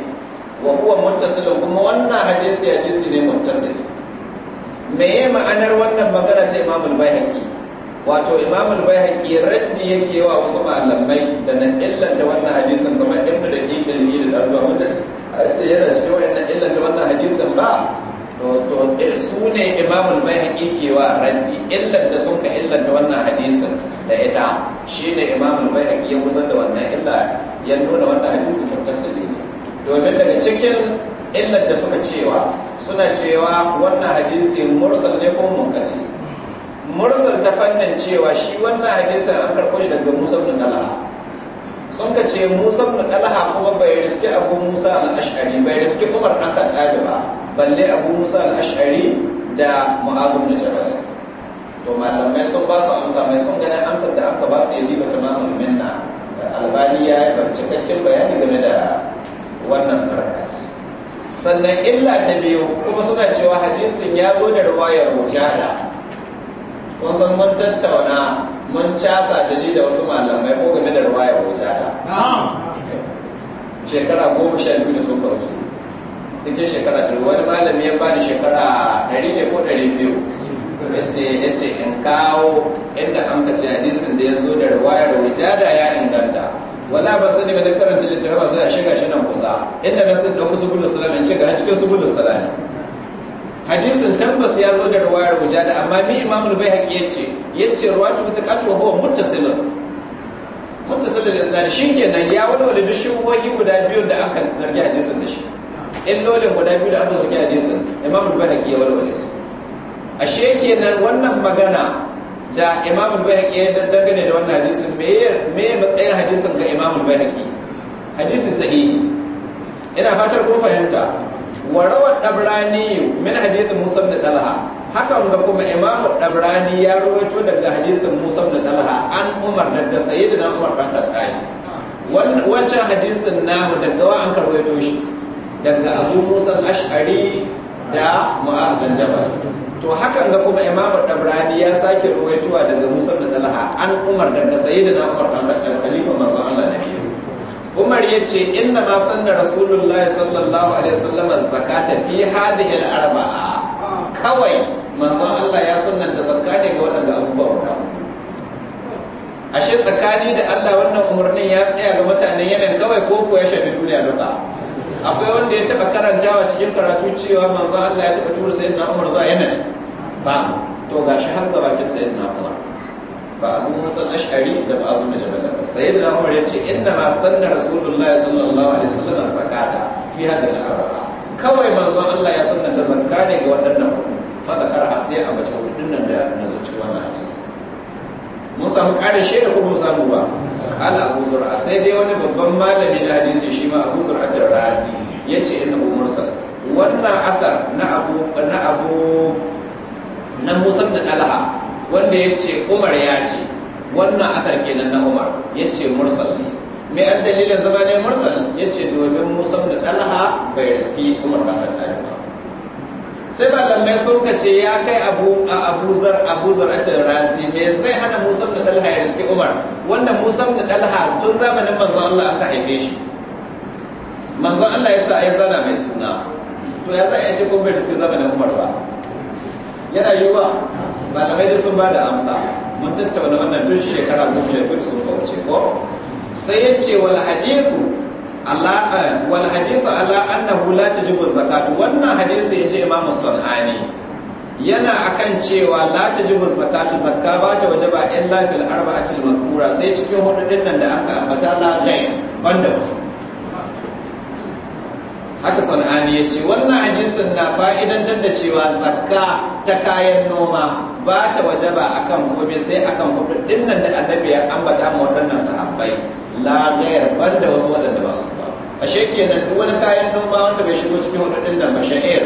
wa huwa muttasilun kuma wannan hadisi hadisi ne muttasil ya ma'anar wannan magana ta Imam al-Baihaqi wato Imam al-Baihaqi raddi yake wa wasu malamai da nan illanta wannan hadisin kamar Ibn Daqiq al-Hilal a ce yana cewa wannan illanta wannan hadisin ba Eh, su ne imamul bai kewa randi illan da sun ka da wannan hadisin da ita shi ne imamul bai haƙi ya kusa da wannan illa ya nuna wannan hadisin tasiri ne domin daga cikin illan da suka cewa suna cewa wannan hadisi mursal ne kuma munkati mursal ta fannin cewa shi wannan hadisin an karɓo shi daga musa da dalala sun ka ce musa mu ɗalaha kuma bai riske abu musa al-ash'ari bai riske umar na kan ba balle abu musa al-ash'ari da mu'adh na jabal to malamai sun ba su amsa mai sun gani amsar da aka ba su yi ba mamun minna albani ya yi cikakken bayani game da wannan sarakat sannan illa ta biyu kuma suna cewa hadisin ya zo da ruwayar mujahada kun san mun tattauna mun casa da ni da wasu malamai ko game da ya wuce ta shekara goma sha biyu da sun faru Take shekara ta wani malami ya bani shekara ɗari ne ko ɗari biyu ya ce in kawo inda an kace hadisin da ya zo da ruwa ruwayar wujada ya inganta wala ba sani ba da karanta littafin sai a shiga shi nan kusa inda na sun ɗan musu gudu salama in ce ga cikin su gudu salama hadisin tabbas ya zo da rawayar mujada amma mi imamul bayhaqi yace yace ruwatu thiqatu wa huwa muttasilun muttasilun isnad shikenan ya walwala duk shubuhoyi guda biyu da aka zargi hadisin da shi in lole guda biyu da aka zargi hadisin imamul bayhaqi ya walwala su ashe kenan wannan magana da imamul bayhaqi ya dangane da wannan hadisin me me matsayin hadisin ga imamul bayhaqi hadisi sahihi ina fatar kun fahimta Warawar ɗabrani min hadithin musa da dalha hakan da kuma imamu ɗabrani ya rawaito daga hadisin musa da dalha an umar da sayyidina umar dan khattab wancan hadisin namu daga wa an karwaito shi daga abu musa ash'ari da mu'ad bin jabal to hakan ga kuma imamu ɗabrani ya sake rawaitowa daga musa da dalha an umar da sayyidina umar dan khattab khalifa manzo Allah na biyu umar ya ce inna ma sanna rasulullahi sallallahu alaihi wasallam zakata fi hadhihi al-arba'a kawai manzo Allah ya sunnanta zakka ne ga waɗanda abubuwa guda ashe tsakani da Allah wannan umarnin ya tsaya ga mutane yanayin kawai ko ko ya shafi duniya duka akwai wanda ya taɓa karantawa cikin karatu cewa manzon Allah ya taɓa tura sayyidina Umar zuwa yanayin ba to gashi har ga bakin sayyidina Umar ba abu musul ash'ari da ba azu jabal ba sayyid na umar yace inna ma sanna rasulullahi sallallahu alaihi wasallam zakata fi hadhihi al-arba'a kawai manzon Allah ya ta zakka ne ga waɗannan fa da karha sai a bace hudun nan da na zuci wannan hadisi mun samu ƙarin shaida da kuma samu ba ala abu zur'a sai dai wani babban malami na hadisi shi ma abu zur'a razi yace innahu mursal wannan aka na abu na abu na musannad alha wanda ya ce umar ya ce wannan akar kenan na umar ya ce mursal ne mai an dalilin zama ne mursal ya ce domin musan da ɗalha bai riski umar da faɗa ba sai malamai sun ka ce ya kai abu a abuzar abuzar atin razi me zai hana musan da ɗalha ya riski umar wannan musan da ɗalha tun zamanin manzon allah aka haife shi manzon allah ya sa ya zana mai suna to ya za a ce kuma bai riski zamanin umar ba yana yiwuwa malamai da sun ba da amsa mun tattauna wannan tun shekara goma sha biyu sun wuce ko sai ya ce wal hadithu Allah wal hadithu ala annahu la tajibu zakatu wannan hadisi yaje imam sunani yana akan cewa la tajibu zakatu zakka ba ta wajaba illa fil arba'atil mazkura sai cikin hudu din nan da aka ambata la gai banda musu haka sana'ani ya ce wannan hadisin na fa'idantar da cewa zakka ta kayan noma ba ta wajaba akan kome sai akan kudin nan da annabi ya ambata ma waɗannan sahabbai lagayar ban da wasu waɗanda ba su ba ashe kenan duk wani kayan noma wanda bai shigo cikin waɗannan nan ba sha'ir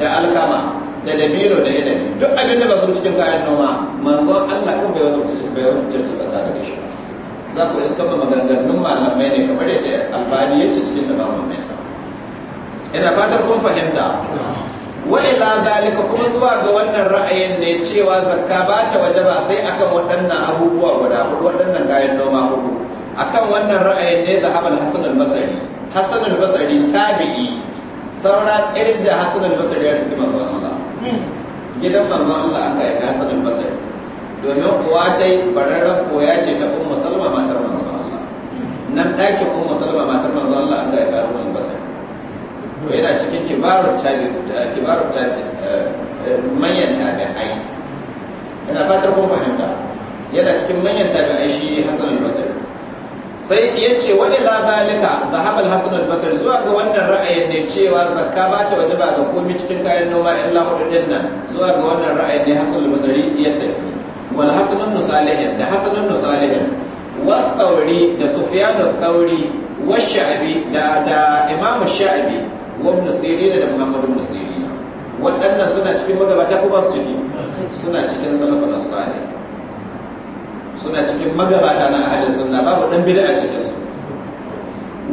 da alkama da dabino da inabi duk abin da ba su cikin kayan noma manzon Allah kan bai wasu bai wazauta zakka da shi za ku iska maganganun malamai ne kamar yadda albani ya ce cikin mai. ina fatar kun fahimta wa la dalika kuma zuwa ga wannan ra'ayin ne cewa zakka ba ta waje ba sai akan waɗannan abubuwa guda hudu waɗannan kayan noma hudu akan wannan ra'ayin ne da hamal hasan al-basri hasan al-basri tabi'i saura irin da hasan al-basri ya tsima manzon Allah gidan manzon Allah aka yi hasan al-basri domin uwa ta yi bararren koya ce ta ummu salma matar manzon Allah nan ɗakin ummu salma matar manzon Allah aka yi hasan al-basri to yana cikin kibarun tabi'in kibarun tabi'in eh, manyan tabi'ai yana fatar kun fahimta yana cikin manyan tabi'ai shi Hassan al-Basri sai ya ce wa ila zalika dhahaba al-Hasan al-Basri zuwa ga wannan ra'ayin ne cewa zakka ba ta waje ba ga komai cikin kayan noma illa hudu din nan zuwa ga wannan ra'ayin ne Hassan al-Basri ya tafi wal Hasan al-Salih da Hasan al-Salih wa Thawri da Sufyan al-Thawri wa Sha'bi da da Imam Sha'bi wa ibn da muhammadu musirina. waɗannan suna cikin magabata ko ba su ciki suna cikin salafin salih suna cikin magabata na ahalin sunna babu dan bid'a cikin su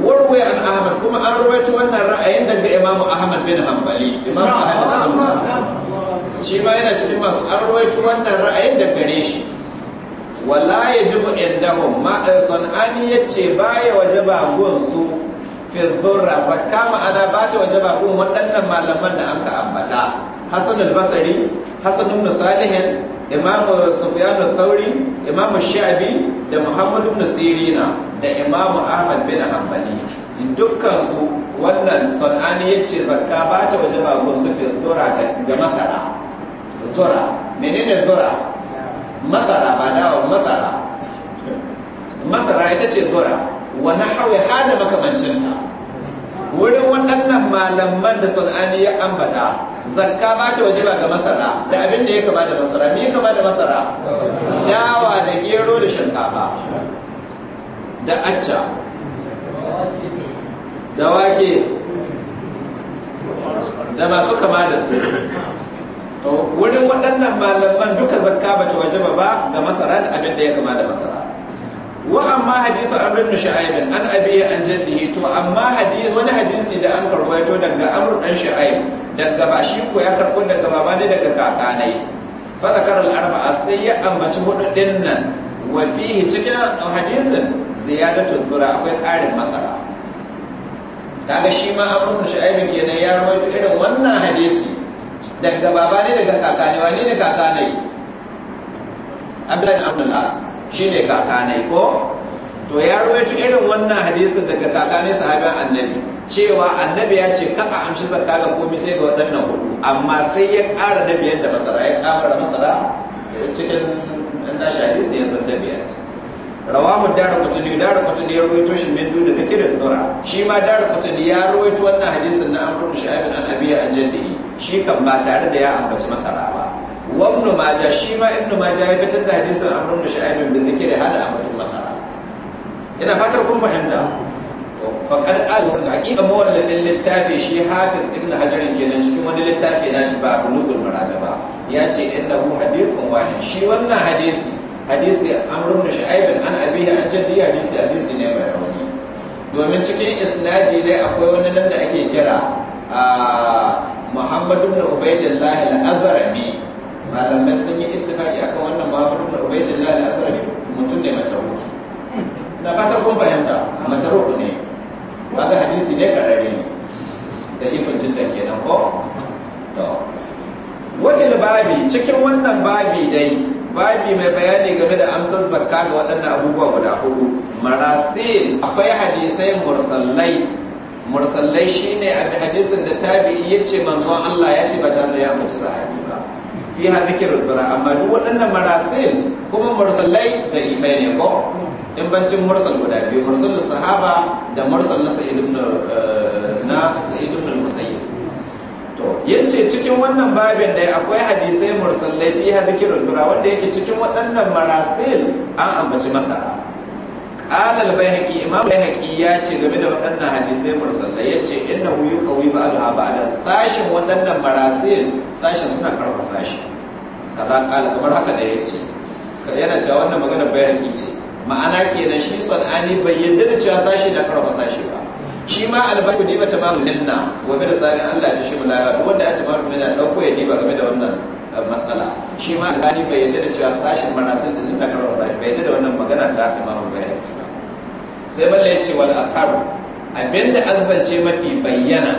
warwe an ahmad kuma an rawaito wannan ra'ayin daga imamu ahmad bin hanbali imamu ahalin sunna shi ma yana cikin masu an rawaito wannan ra'ayin da gare shi wala yajibu indahum ma eh, sanani yace baya wajaba gun su firdurra zakka ma'ana ba ta waje ba ɗin waɗannan malaman da an ambata hasan al basri hasan ibn salih imam sufyan al-thawri imam sha'bi da muhammad ibn sirina da imam ahmad bin hanbali dukkan su wannan sun'ani yace zakka ba ta waje ba ko su firdurra ga masara zura menene zura masara ba dawa masara masara ita ce zura wa ya hada makamancin ta wurin waɗannan malaman da sun'ani ya ambata zakka ba ta waje ba ga masara da abin da ya kama da masara me kama da masara dawa da gero da shinkafa da acca da wake da masu kama da su wurin waɗannan malaman duka zakka ba ta waje ba ga masara da abin da ya kama da masara wa amma hadithu amr ibn shu'aib an abi an jaddihi to amma wani hadisi da an karwaito daga amr dan shu'aib daga ba shi ko ya karbo daga baba ne daga kaka ne fa zakar arba'a sai ya ambaci hudu din nan wa fihi cikin hadisin ziyadatu dhura akwai karin masara kaga shi ma amr ibn shu'aib kenan ya rawaito irin wannan hadisi daga baba ne daga kaka ne ne kaka ne abdullahi ibn al Shi ne kakanai ko to ya rubutu irin wannan hadisin daga kakanai sahabin annabi cewa annabi ya ce kaka a amshi zakka ga komai sai ga waɗannan hudu amma sai ya ƙara da biyar da masara ya ƙara masara cikin nashi hadisi ya san biyar rawahu dara kutuni dara kutuni ya rawaito shi min dun daga kirin zura shi ma dara kutuni ya rawaito wannan hadisin na amrun shi'abin al abiya an jaddi shi kan ba tare da ya ambaci masara ba wa Maja, shi ma ibn Maja ya fitar da hadisin amr ibn shu'aib bin dhikri hada amatu masara ina fatar kun fahimta to fa kad qal sun haqiqa mawallafin littafi shi hafiz ibn hajar kenan cikin wani littafi na shi ba bulugul marada ba ya ce innahu hadithun wahid shi wannan hadisi hadisi amr ibn shu'aib an abihi an jaddi hadisi hadisi ne mai rauni domin cikin isnadi ne akwai wani nan da ake kira ah, Muhammadu ibn Ubaidillah al-Azrami malamai sun yi a kan wannan babu da ubaydillah al sarari mutum ne mataruki na fata kun fahimta mataruku ne ga hadisi ne karare ne da ifincin da kenan ko to wani babi cikin wannan babi dai babi mai bayani game da amsar zakka ga waɗannan abubuwa guda hudu marasil akwai hadisai mursallai mursallai shine hadisin da tabi'i yace manzon Allah ya ce ba tare da ya mutu sahabi fi ha zikirul fara amma duk waɗannan marasil kuma mursalai da imai ne ko in bancin mursal guda biyu mursal sahaba da mursal na sa'id ibn eh, na sa'id ibn musayyib to yace cikin wannan babin dai akwai hadisai mursalai fi ha zikirul fara wanda yake cikin waɗannan marasil an ambaci masa alal bayhaqi imam bayhaqi ya ce game da waɗannan hadisai mursalai ya ce ba da haba da sashin waɗannan marasil sashin suna karfa sashi kaza kala kamar haka da yace yana cewa wannan magana bayhaqi ce ma'ana kenan shi sunani bai yadda da cewa sashi da karfa sashi ba shi ma albarku ne bata mamu linna wa bi rasalin Allah ta shi mulaka duk wanda ya ci mamu da dauko ya diba game da wannan eh, matsala shi ma albani bai yadda da cewa sashin marasil din da karfa sashi bai yadda da wannan magana ta imamu bayhaqi sai balle ya ce wal akharu abinda zance mafi bayyana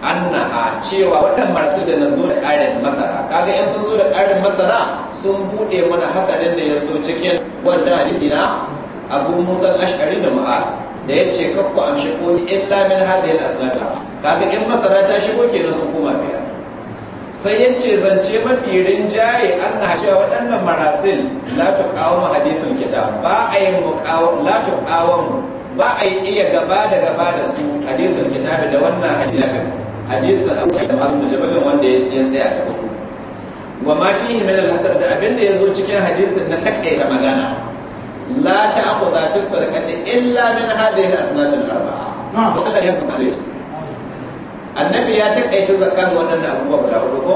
ha cewa watan marsu da nazo da ƙarin masara kaga in sun zo da ƙarin masara sun bude mana hasadin da yazo cikin wanda hadisi na Abu Musa al-Ash'ari da Mu'ad da ya ce kakku amshi ko illa min hadhihi al-asnada kaga in masara ta shigo kenan sun kuma biyar sai ya ce zance mafi rinjaye an na cewa waɗannan marasil la mu hadithul kitab ba a yi muqawam la mu ba a yi iya gaba da gaba da su hadithul kitab da wannan hadithin hadisin abu da masu jabalin wanda ya tsaya da hudu wa ma fihi min al-hasar da abin da yazo cikin hadisin na takaita magana la ta'khudha fi sadaqati illa min hadhihi al-asnaf al-arba'a na'am wa annabi ya takaita zakan wannan abubuwa guda hudu ko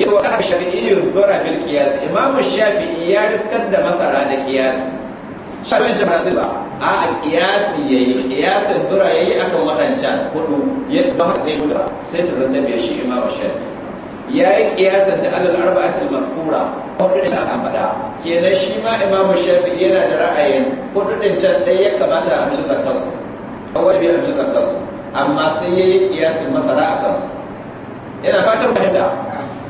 yau aka shari'iyyun zura bil qiyas imamu shafi'i ya riskar da masara da qiyas shafi'i jama'a sai ba a a qiyasi yayi qiyasin zura yayi akan wadancan hudu ya ba sai guda sai ta zanta biyar shi imamu shafi'i ya yi kiyasan ta alal arba'atul mafkura hudu da ta bada kenan shi ma imamu shafi'i yana da ra'ayin hudu din can dai ya kamata a amshi zakkasu kawai bai amshi zakkasu amma sai ya yi kiyasin masara a kansu yana fatan fahimta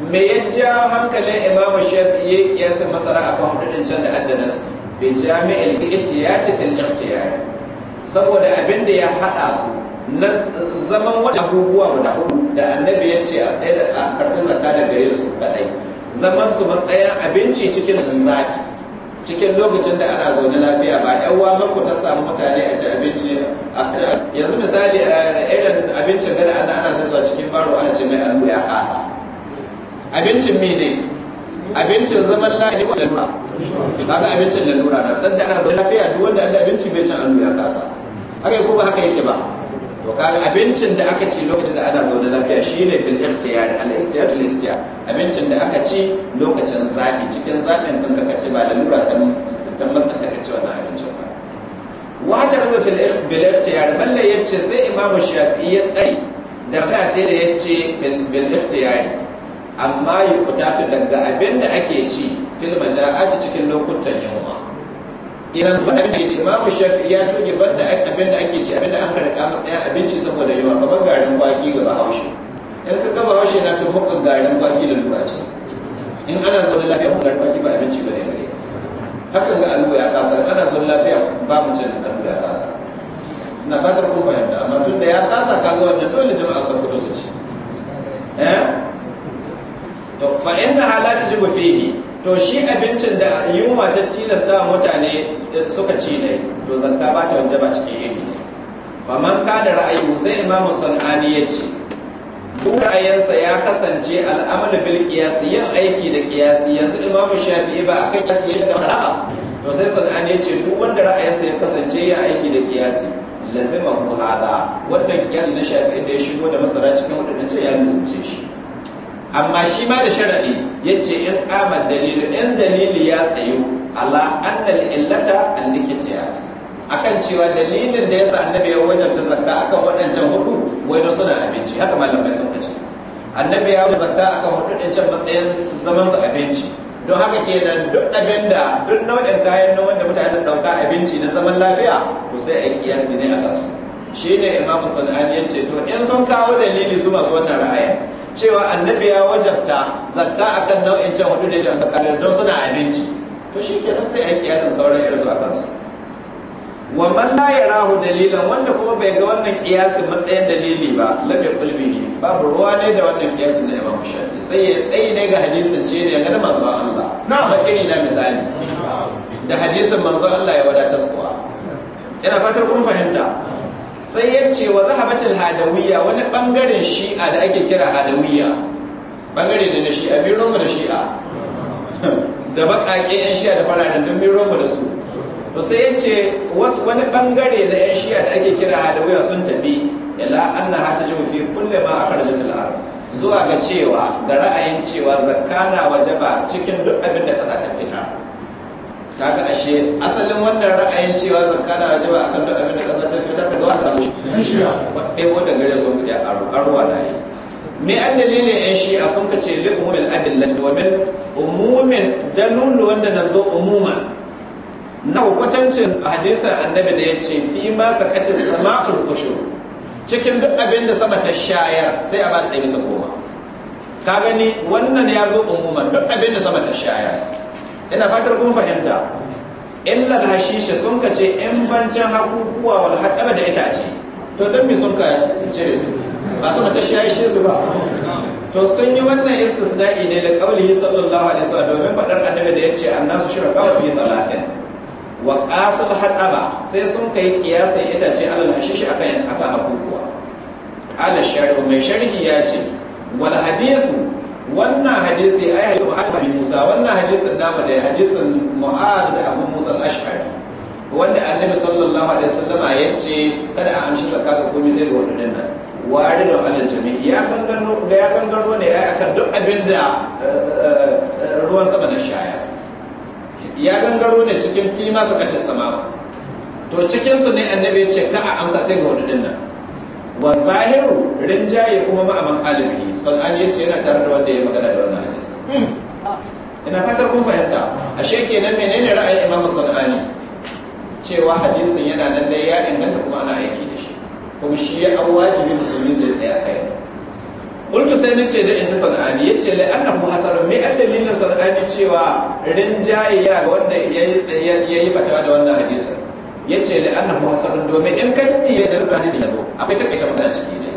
me ya ja hankalin imamu shef ya yi kiyasin masara a kan hududin can da addanas bi jami'il ihtiyati fil ikhtiyari saboda abin da ya haɗa su na zaman wata abubuwa guda hudu da annabi ya ce a tsaye da karfin zakka da gare su kaɗai zaman su matsayin abinci cikin zaɓi cikin lokacin da ana zaune lafiya ba yan uwa mako ta samu mutane a ci abinci a ci yanzu misali eh, irin abincin da ana ana sai su cikin baro ana ce mai alu ya kasa abincin me ne abincin zaman lafiya ne ba ga abincin lalura na sanda ana zaune lafiya duk wanda abinci bai cin alu ya kasa haka ko ba haka yake ba to kaga abincin da aka ci lokacin da ana zaune lafiya shine fil ikhtiyar al ikhtiyar fil ikhtiyar abincin da aka ci lokacin zafi cikin zafin kan ka ci ba lalura ta ta matsa ka ci wannan abincin ba wa ta zo fil bil ikhtiyar balle yace sai imamu shafi'i ya tsari da ba ta da yace bil ikhtiyar amma yi kutatu daga abin da ake ci fil maja'ati cikin lokutan yunwa idan ba abin da yake mu shafi ya toge da abin da ake ci abin da an karka matsaya abinci saboda yawa kamar garin baki ga bahaushe in ka ga bahaushe na ta muka garin baki da lubaci in ana zaune lafiya mun garin baki ba abinci ba ne gare hakan ga alu ya kasa ana zaune lafiya ba mu cin alu ya kasa na fatar kun fahimta amma tun da ya kasa kaga wannan dole jama'a san kusa su ci eh to fa inna halatu jibu fihi to shi abincin da yunwa ta tilasta mutane suka ci ne to zakka ba ta wajaba cikin iri faman ka da ra'ayi sai imamu sanani ya ce duk ra'ayinsa ya kasance al'amalu bil qiyas yin aiki da kiyasi, yanzu imamu shafi'i ba akan qiyasi ya da sana'a to sai sanani ya ce duk wanda ra'ayinsa ya kasance ya aiki da kiyasi. lazima hu hada wannan kiyasi na shafi'i da ya shigo da masara cikin wadannan ce ya lazumce shi amma shi ma da sharaɗi ya ce in ƙamar dalilu in dalili ya tsayu Allah annal illata allikitiyat akan cewa dalilin da ya sa annabi ya wajabta zakka akan waɗancan hudu wai don suna abinci haka malamai sun ce annabi ya zakka akan hudu ɗin can matsayin zaman su abinci don haka kenan duk abin da duk nau'in kayan noman da mutane ɗauka abinci na zaman lafiya to sai a yi kiyasi ne a kansu shi ne imamu sana'an ya ce to in sun kawo dalili su masu wannan ra'ayin cewa annabi ya wajabta zakka akan nau'in can hudu da ya shafi don suna abinci to shi nan sai a yi kiyasin sauran irin zuwa kansu wa man la yarahu dalilan wanda kuma bai ga wannan kiyasin matsayin dalili ba lam yaqul babu ruwa ne da wannan kiyasin da Imam Shafi sai ya tsayi ne ga hadisin ce ne ga manzo Allah na kini na misali da hadisin manzo Allah ya wadatar suwa Yana fatar kun fahimta sai ya ce wa zahabatul hadawiyya wani bangaren shi'a da ake kira hadawiyya bangare da na shi'a biron mu da shi'a da bakake yan shi'a da fararen don biron mu da su to sai ya ce wani bangare na yan shi'a da ake kira hadawiyya sun tafi ila hata tajmu fi kulle ma akhrajatul arab zuwa ga cewa da ra'ayin cewa zakana wajaba cikin duk abin da kasa ta fitar kaga ashe asalin wannan ra'ayin cewa zakka na wajiba akan duk abin da kasar ta fitar da wata samu wadai wanda gare sun kudi a karuwa na yi me an dalilin yan a sun ka ce li umumil adilla domin umumin dalulu wanda na zo umuman na hukwatancin hadisin annabi da ya ce fi ma sakatin sama'ul kushur cikin duk abin da sama ta shayar sai a ba ta ɗaya bisa koma ka gani wannan ya zo umuman duk abin da sama ta shayar ina fatar kun fahimta lalhashi shi sun ka ce in bancin hakukuwa wal haɗaba da itace to don me sun ka cire su ba su mata shi su ba to sun yi wannan istisna'i ne da kaulihi sallallahu alaihi wasallam domin faɗar annabi da yace annasu shirka fi talatin wa qasul haɗaba sai sun kai kiyasan itace alal hashishi akan akan hakukuwa qala shari'u mai sharhi ya ce wal hadiyatu wannan hadisi ai hadis Muhammad bin Musa wannan hadisin namu da hadisin Mu'adh da Abu Musa al-Ash'ari wanda Annabi sallallahu alaihi wasallama yace kada a amshi zakka ko komai sai da wannan nan wari da alal jami'i ya gangaro da ya gangaro ne ai akan duk abinda eh, eh, eh, ruwan sama na shaya ya gangaro ne cikin fima sakatis sama to cikin su ne Annabi yace ka a amsa sai ga wannan nan wa zahiru rinjaye kuma ma'aman alibi an ya ce yana tare da wanda ya magana da wannan hadis hmm. ina fatar kun fahimta ashe kenan menene ra'ayin imamu sanani cewa hadisin yana nan dai ya inganta kuma ana aiki da shi kuma shi ya an wajibi musulmi sai tsaya kai kultu sai ce da ya ce yace la annahu hasanun me dalilin sanani cewa rinjaye ya wanda yayi yayi fatawa da wannan hadisin ya ce la'annahu hasarun domin in ka diye da rasa hadisi yazo akwai takaita magana ciki ne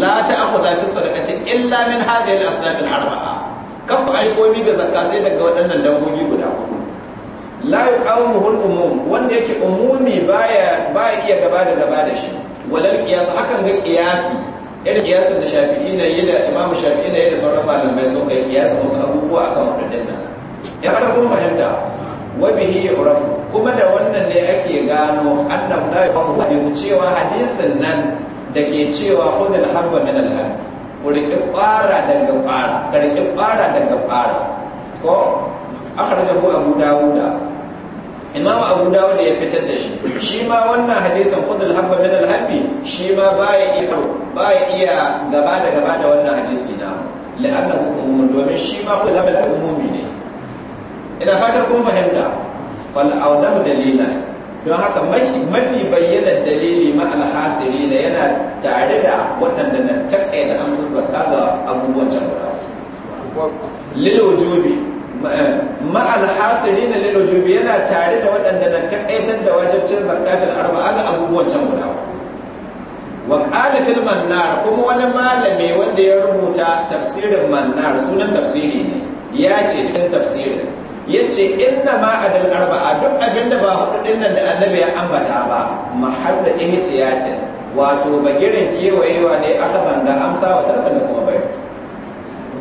la da fi sadaqati illa min hadhihi al-asnaf al-arba'a kan ku ai komi ga zakka sai daga waɗannan dangogi guda hudu la yuqamuhul umum wanda yake umumi baya baya iya gaba da gaba da shi walal qiyas hakan ga qiyasi irin kiyasin da shafi'i na yi da imam shafi'i na yi da sauran malamai sun kai kiyasin wasu abubuwa akan waɗannan nan ya fara kun fahimta wa bihi yu'rafu kuma da wannan ne ake gano annahu la yafamu hadithu cewa hadisin nan da ke cewa khudul habba min al ku rike ƙwara daga ƙwara ka riƙi ƙwara daga ƙwara ko aka rage ko abu dawuda imam abu dawud ya fitar da shi shi ma wannan hadisin qudul habba min al shi ma baya iya baya iya gaba da gaba da wannan hadisi na la'annahu umumun domin shi ma qudul habba umumi ne ina fatar kun fahimta fal audahu dalila don haka mafi bayyana dalili ma alhasiri ne yana tare da waɗanda na da amsar zakka ga abubuwan can guda Lilo wujubi ma eh, alhasiri ne lilo wujubi yana tare da waɗanda na takaitar da wajibcin zakka fil arba'a ga abubuwan can guda wa qala fil mannar kuma wani malami wanda ya rubuta tafsirin mannar sunan tafsiri ne ya ce cikin tafsirin yace inna ma adal arba'a duk abinda ba hudu din nan da annabi ya ambata ba mahallu ihtiyatin wato bagirin kewayewa ne aka banga amsa wa tarkan da kuma bai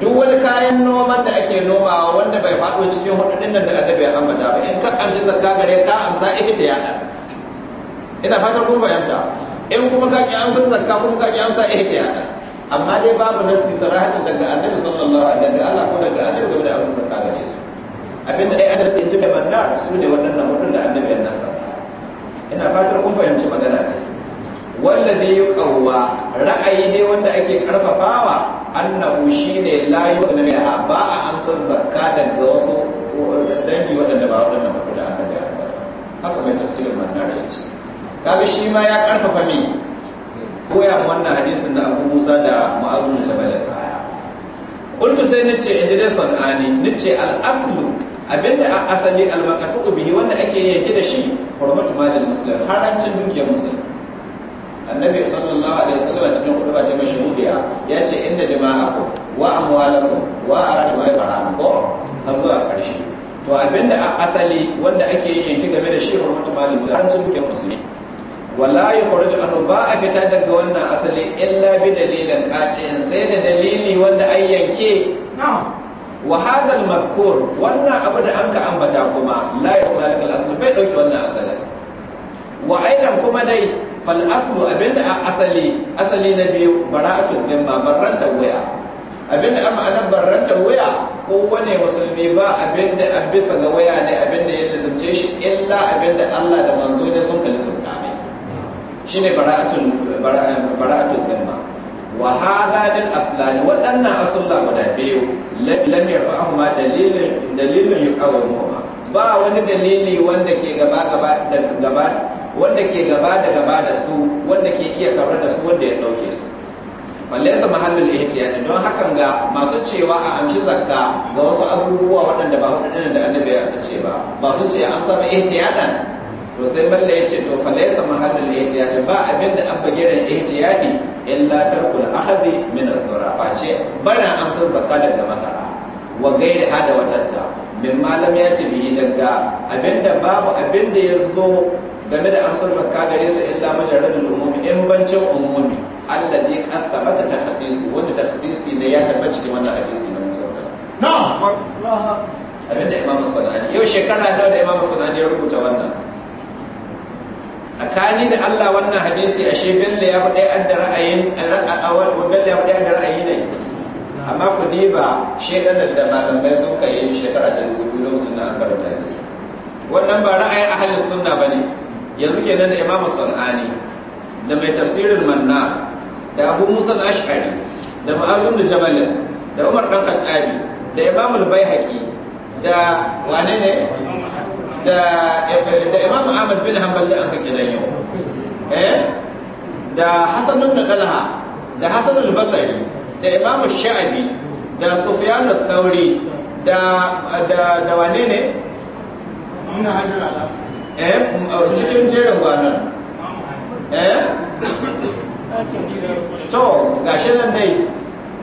duk wani kayan noman da ake nomawa wanda bai faɗo cikin hudu din nan da annabi ya ambata ba in ka amshi zakka gare ka amsa ihtiyatin ina fatan kun fahimta in kuma ka ki amsa zakka kuma ka ki amsa ihtiyatin amma dai babu nasi sarahatin daga annabi sallallahu alaihi wa sallam daga Allah ko daga annabi game da amsa zakka da Yesu abinda ai adar sai mai banna su ne waɗannan waɗanda annabi ya nasa ina fatar kun fahimci magana ta wallazi yuqawwa ra'ayi ne wanda ake karfafawa annahu shine la yu'minu ha ba a amsa zakka da wasu dangi waɗanda ba waɗannan waɗanda annabi ya nasa haka mai tafsirin manna da ce kaga shi ma ya karfafa me koya wannan hadisin da Abu Musa da Mu'azz bin Jabal baya qultu sai nace in ji dai sanani nace al aslu abinda a asali almakatu bihi wanda ake yanke da shi hurmatu malil muslim harancin dukiyar muslim annabi sallallahu alaihi wasallam cikin ba ta mashhudiya ya ce inna dima'akum wa amwalakum wa aradu wa bara'akum har zuwa karshe to abinda a asali wanda ake yanke game da shi hurmatu malil muslim harancin dukiyar muslim wallahi yukhraju anu ba a fita daga wannan asali illa bi dalilan qati'in sai da dalili wanda ayyanke yanke na'am wa hadal mazkur wannan abu da an ka ambata kuma la ya kuma daga asali bai dauki wannan asali wa aidan kuma dai fal aslu abinda a asali asali na biyu bara'atu min ma barranta waya abinda an ma'anar barranta waya ko wane musulmi ba abinda an bisa ga waya ne abinda ya lizance shi illa abinda Allah da manzo ne sun kalli sun kame shine bara'atul bara'atul min ma wa hada lil aslani waɗannan asulla guda biyu lam yarfa'uhuma dalilin dalilin ba wani dalili wanda ke gaba gaba da gaba wanda ke gaba da gaba da su wanda ke iya kawar da su wanda ya ɗauke su fallesa mahallin ihtiyati don hakan ga masu cewa a amshi zakka ga wasu abubuwa waɗanda ba hudu da annabi ya ce ba masu ce amsa ba ihtiyatan to sai balle ya ce to fa laysa mahallul ihtiyaji ba abin da abba gidan ihtiyadi illa tarkul ahadi min adh-dhura fa ce bana amsar zakka daga masara wa gairi hada watatta min malam ya ce bihi daga abinda babu abinda ya zo game da amsar zakka gare sa illa majarradul umumi in bancin umumi alladhi qad thabata takhsisi wanda takhsisi ne ya tabbata cikin wannan hadisi na musulmi na'am abinda imam sunani yau shekara nawa da imam sunani ya rubuta wannan tsakani da Allah wannan hadisi ashe Bello ya faɗi an da ra'ayin ko bella ya faɗi an da ra'ayi ne amma ku ne ba shedanar da malamai sun kai shekara ta dubu lokacin da na rubuta da su wannan ba ra'ayin ahli sunna bane yanzu kenan da Imam Sunani da mai tafsirin Manna da Abu Musa al-Ash'ari da Mu'azzim da Jamal da Umar dan Khattabi da Imam al-Baihaqi da wane ne da imam ahmad bin hanbal da aka kidan yau eh da hasan ibn talha da hasan al-basri da imam sha'abi da sufyan al-thawri da da da wane ne ibn hajar al eh cikin jerin gwanan eh to gashi nan dai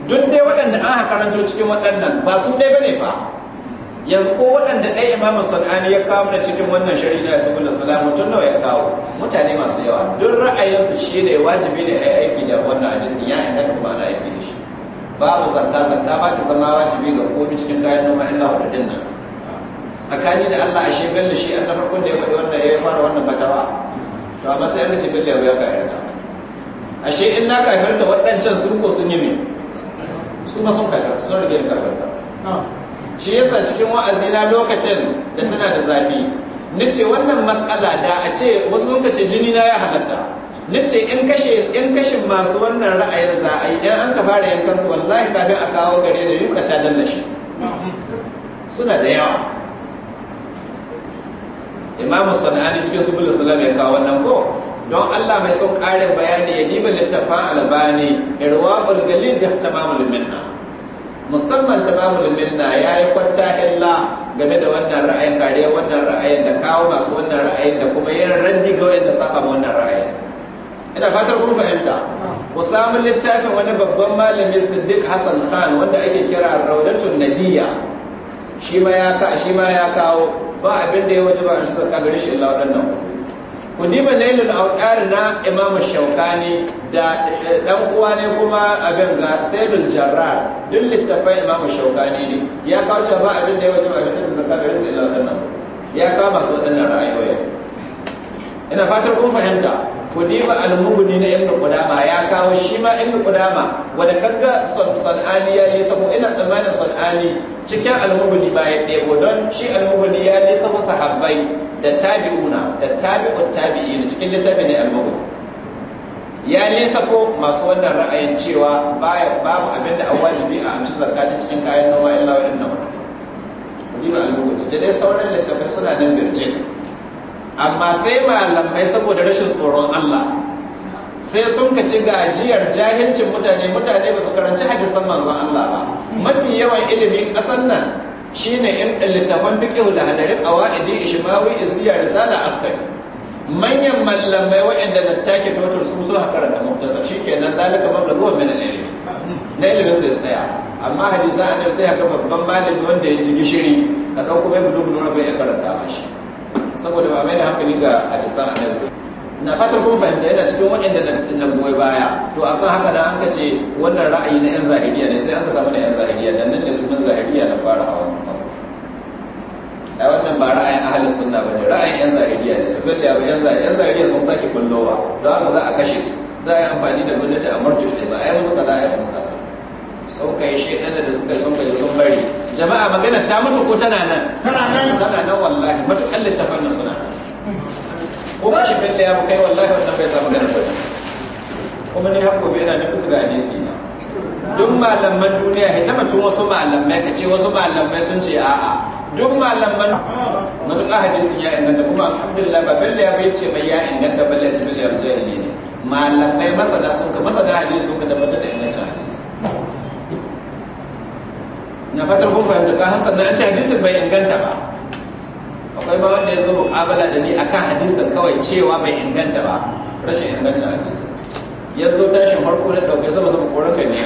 duk dai waɗanda aka karanto cikin waɗannan ba su dai bane ba. yanzu ko waɗanda ɗaya imamu sanani ya kawo mana cikin wannan shari'a na yasu kula salamu tun nawa ya kawo mutane masu yawa duk ra'ayinsu shi ne wajibi ne yi aiki da wannan hadisi ya nan ba na aiki da shi babu zanta zanta ba ta zama wajibi ga komi cikin kayan noma illa hudadin nan tsakani da Allah ashe bello shi an na farkon da ya faɗi wannan ya fara wannan fatawa to a sai an cikin bello ya kafirta ashe in na kafirta waɗancan sun ko sun yi me su ma sun kafirta sun yin kafirta shi yasa cikin wa'azi na lokacin da tana da zafi nace wannan matsala da a ce wasu sun kace jini na ya halatta nace in kashe in kashin masu wannan ra'ayin za a yi dan an ka fara yankan su wallahi kafin a kawo gare da yuka ta danna suna da yawa imamu sana'ani cikin bulu salam ya kawo wannan ko don Allah mai son ƙarin bayani ya diba littafin albani irwa ulgalin da tamamul minna musamman ta da minna ya yi kwanta illa game da wannan ra'ayin kare wannan ra'ayin da kawo masu wannan ra'ayin da kuma yin randi ga wanda saka ma wannan ra'ayin ina fatar kun fahimta ku samu littafin wani babban malami Siddiq Hassan Khan wanda ake kira Raudatun Nadiya shi ma ya ka shi ma ya kawo ba abin da ya waje ba a cikin kagarin shi illa kudima nailul auqar na imam shaukani da eh, dan uwa ne kuma abin ga sayyidul jarrar duk littafai imam shaukani ne ya kawo ba abin da ya wajen abin da zakka bai sai Allah ya kawo masu wannan ra'ayoyi ina fatar kun fahimta kudima al-mughni na ibnu qudama ya kawo shi ma ibnu qudama wanda kanga sanani ya yi sabo ina tsammanin sanani cikin al-mughni ba ya ɗebo don shi al-mughni ya yi sabo sahabbai da tabi'una da tabi'un tabi'i tabi'in cikin littafin ne al mubin ya lissafo masu wannan ra'ayin cewa babu abin da wajibi a amshi zakati cikin kayan noma illa wa inna riba al mubin da dai sauran littafai suna nan birjin amma sai malamai saboda rashin tsoron Allah sai sun kaci ci gajiyar jahilcin mutane mutane ba su karanci hadisan manzon Allah ba mafi yawan ilimin ƙasar nan shi ne in littafan fiqhu da hadarin waidin ishimawi, izriya risala askari manyan mallamai waɗanda na take tawatar su suna karanta muftasar nan dalika ruwan min na ilimi na ilimin sai tsaya amma hadisa annabi sai haka babban malami wanda ya ji gishiri ka dauko mai budu budu rabin ya karanta mashi saboda ba mai da hankali ga a annabi na fatar kun fahimta yana cikin waɗanda na goyi baya to a kan haka na an ce wannan ra'ayi na 'yan zahiriya ne sai an ka samu na 'yan zahiriya dan nan ne su mun zahiriya na fara hawa a wannan ba ra'ayin ahalin sunna ba ne ra'ayin 'yan zahiriya ne su galla ba 'yan zahiriya 'yan zahiriya sun saki kullowa don haka za a kashe su za a yi amfani da gwamnati a martuke su a yi musu kaza a musu kaza sun kai shaidan da suka sun kai sun bari jama'a magana ta mutu ko tana nan tana nan tana nan wallahi matuƙan littafan nan suna nan ko ba shi fille ya kai wallahi wannan bai samu ganin ba kuma ni hakko bai na da musu ga hadisi na duk malaman duniya ya taba tun wasu malamai ka ce wasu malamai sun ce a'a duk malaman matuƙa hadisin ya inganta kuma alhamdulillah ba billa ya bai ce mai ya inganta billa ya ce ya jahili ne malamai masana sun ka masana hadisi sun ka tabbatar da ingancin hadisi na fatar kun fahimta ka hasan na ce hadisin bai inganta ba akwai ba wanda ya zo mukabala da ni akan hadisin kawai cewa bai inganta ba rashin inganta hadisin ya zo tashin farko da dauke sama sama koran kai ne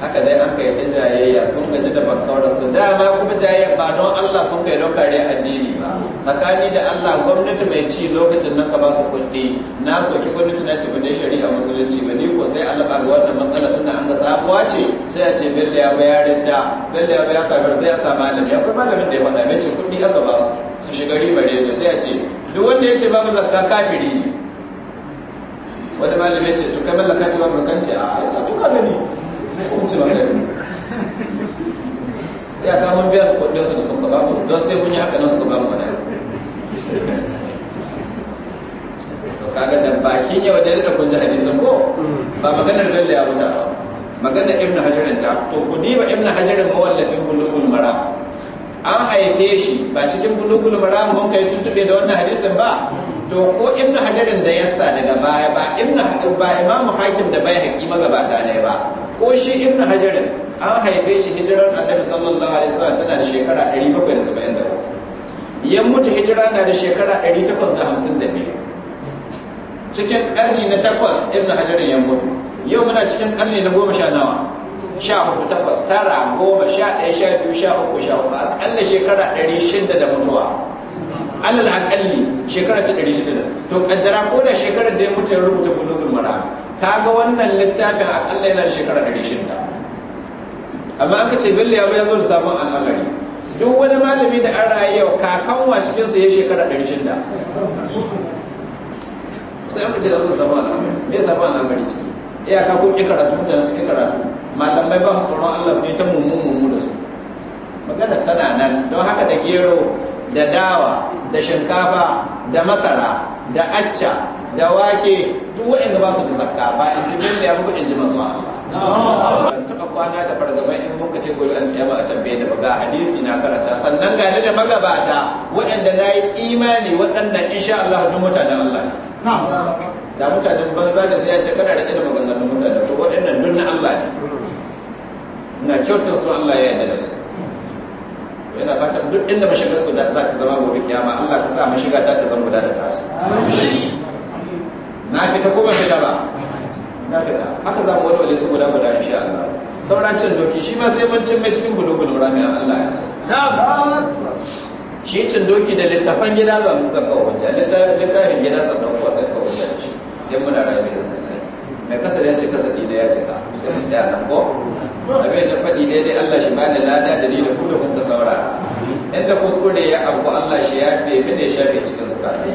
haka dai an kai ta jayayya sun gaji da masu su dama kuma jayayya ba don Allah sun kai don kare addini ba tsakani da Allah gwamnati mai ci lokacin nan ka ba su kuɗi na soki gwamnati na ci ba dai shari'a musulunci ba ni ko sai Allah ba wannan matsala tunda an ga sabuwa ce sai a ce billa ya bayarin da billa ya bayan kafir sai a sa malami akwai malamin da ya faɗa mai ce kuɗi aka ba su su shiga riba da sai a ce duk wanda ya ce ba mu zakka kafiri ne wani malamin ya ce to kai mallaka ce ba mu ce a ce to kafiri ya ka mun biya su kudin su da sun kaba ku. don sai mun yi haka nan su kaba mu da to kaga da bakin ne da da kun ji hadisin ko ba maganar dalla ya wuta ba maganar ibn hajarin ta to ku diba ibn hajarin mawallafin bulugul mara an haife shi ba cikin bulugul mara mun kai tuntube da wannan hadisin ba to ko ibn hajarin da yassa daga baya ba ibn ba imam hakim da bai haƙi magabata ne ba ko shi ibn hajarin an haife shi hijirar annabi sallallahu alaihi wasallam tana da shekara 774 yan mutu hijira na da shekara 852 cikin karni na takwas ibn hajarin yan mutu yau muna cikin karni na goma sha nawa sha hudu takwas tara goma sha ɗaya sha biyu sha uku sha uku aƙalla shekara ɗari shida da mutuwa alal aƙalli shekara ta ɗari shida to ƙaddara ko da shekarar da ya mutu ya rubuta bulugul mara kaga wannan littafin akalla yana da shekara ɗari shida amma aka ce bello ya bayar zuwa sabon al'amari duk wani malami da an raye yau kakan cikin su ya shekara ɗari shida sai aka ce da zuwa sabon al'amari me sabon al'amari ciki iya ka kuke karatu mutane su ke karatu malamai ba su tsoron allah su yi ta mummu da su magana tana nan don haka da gero da dawa da shinkafa da masara da acca da wake duk waɗanda ba su da zakka ba in ji mun ya buɗe in ji manzo Allah kwana da fargaba in mun kace gobe an kiyama a tambaye da baga hadisi na karanta sannan ga da magabata waɗanda na yi imani waɗanda insha Allah duk mutanen Allah ne da mutanen banza da sai ya ce kana rike da maganganun mutane to waɗannan duk na Allah ne na kyautar su Allah ya yarda da su yana fatan duk inda mashigar su da za ta zama gobe kiyama Allah ka sa mashiga ta ta zama guda da tasu na fita ko ba fita ba na fita haka za mu wani wale su guda guda insha Allah sauran cin doki shi ma sai mun cin mai cikin gudu gudu rami Allah ya so na ba. shi cin doki da littafan gida za mu zaka hujja littafin gida za mu wasa sai ka shi yan muna rayuwa da mai kasa ya ce kasa dina ya cika sai su tsaya nan ko abin da faɗi dai-dai Allah shi bani lada da ni da ku da kun ka saurara inda kuskure ya abu Allah shi ya fi mene shafe cikin zukatai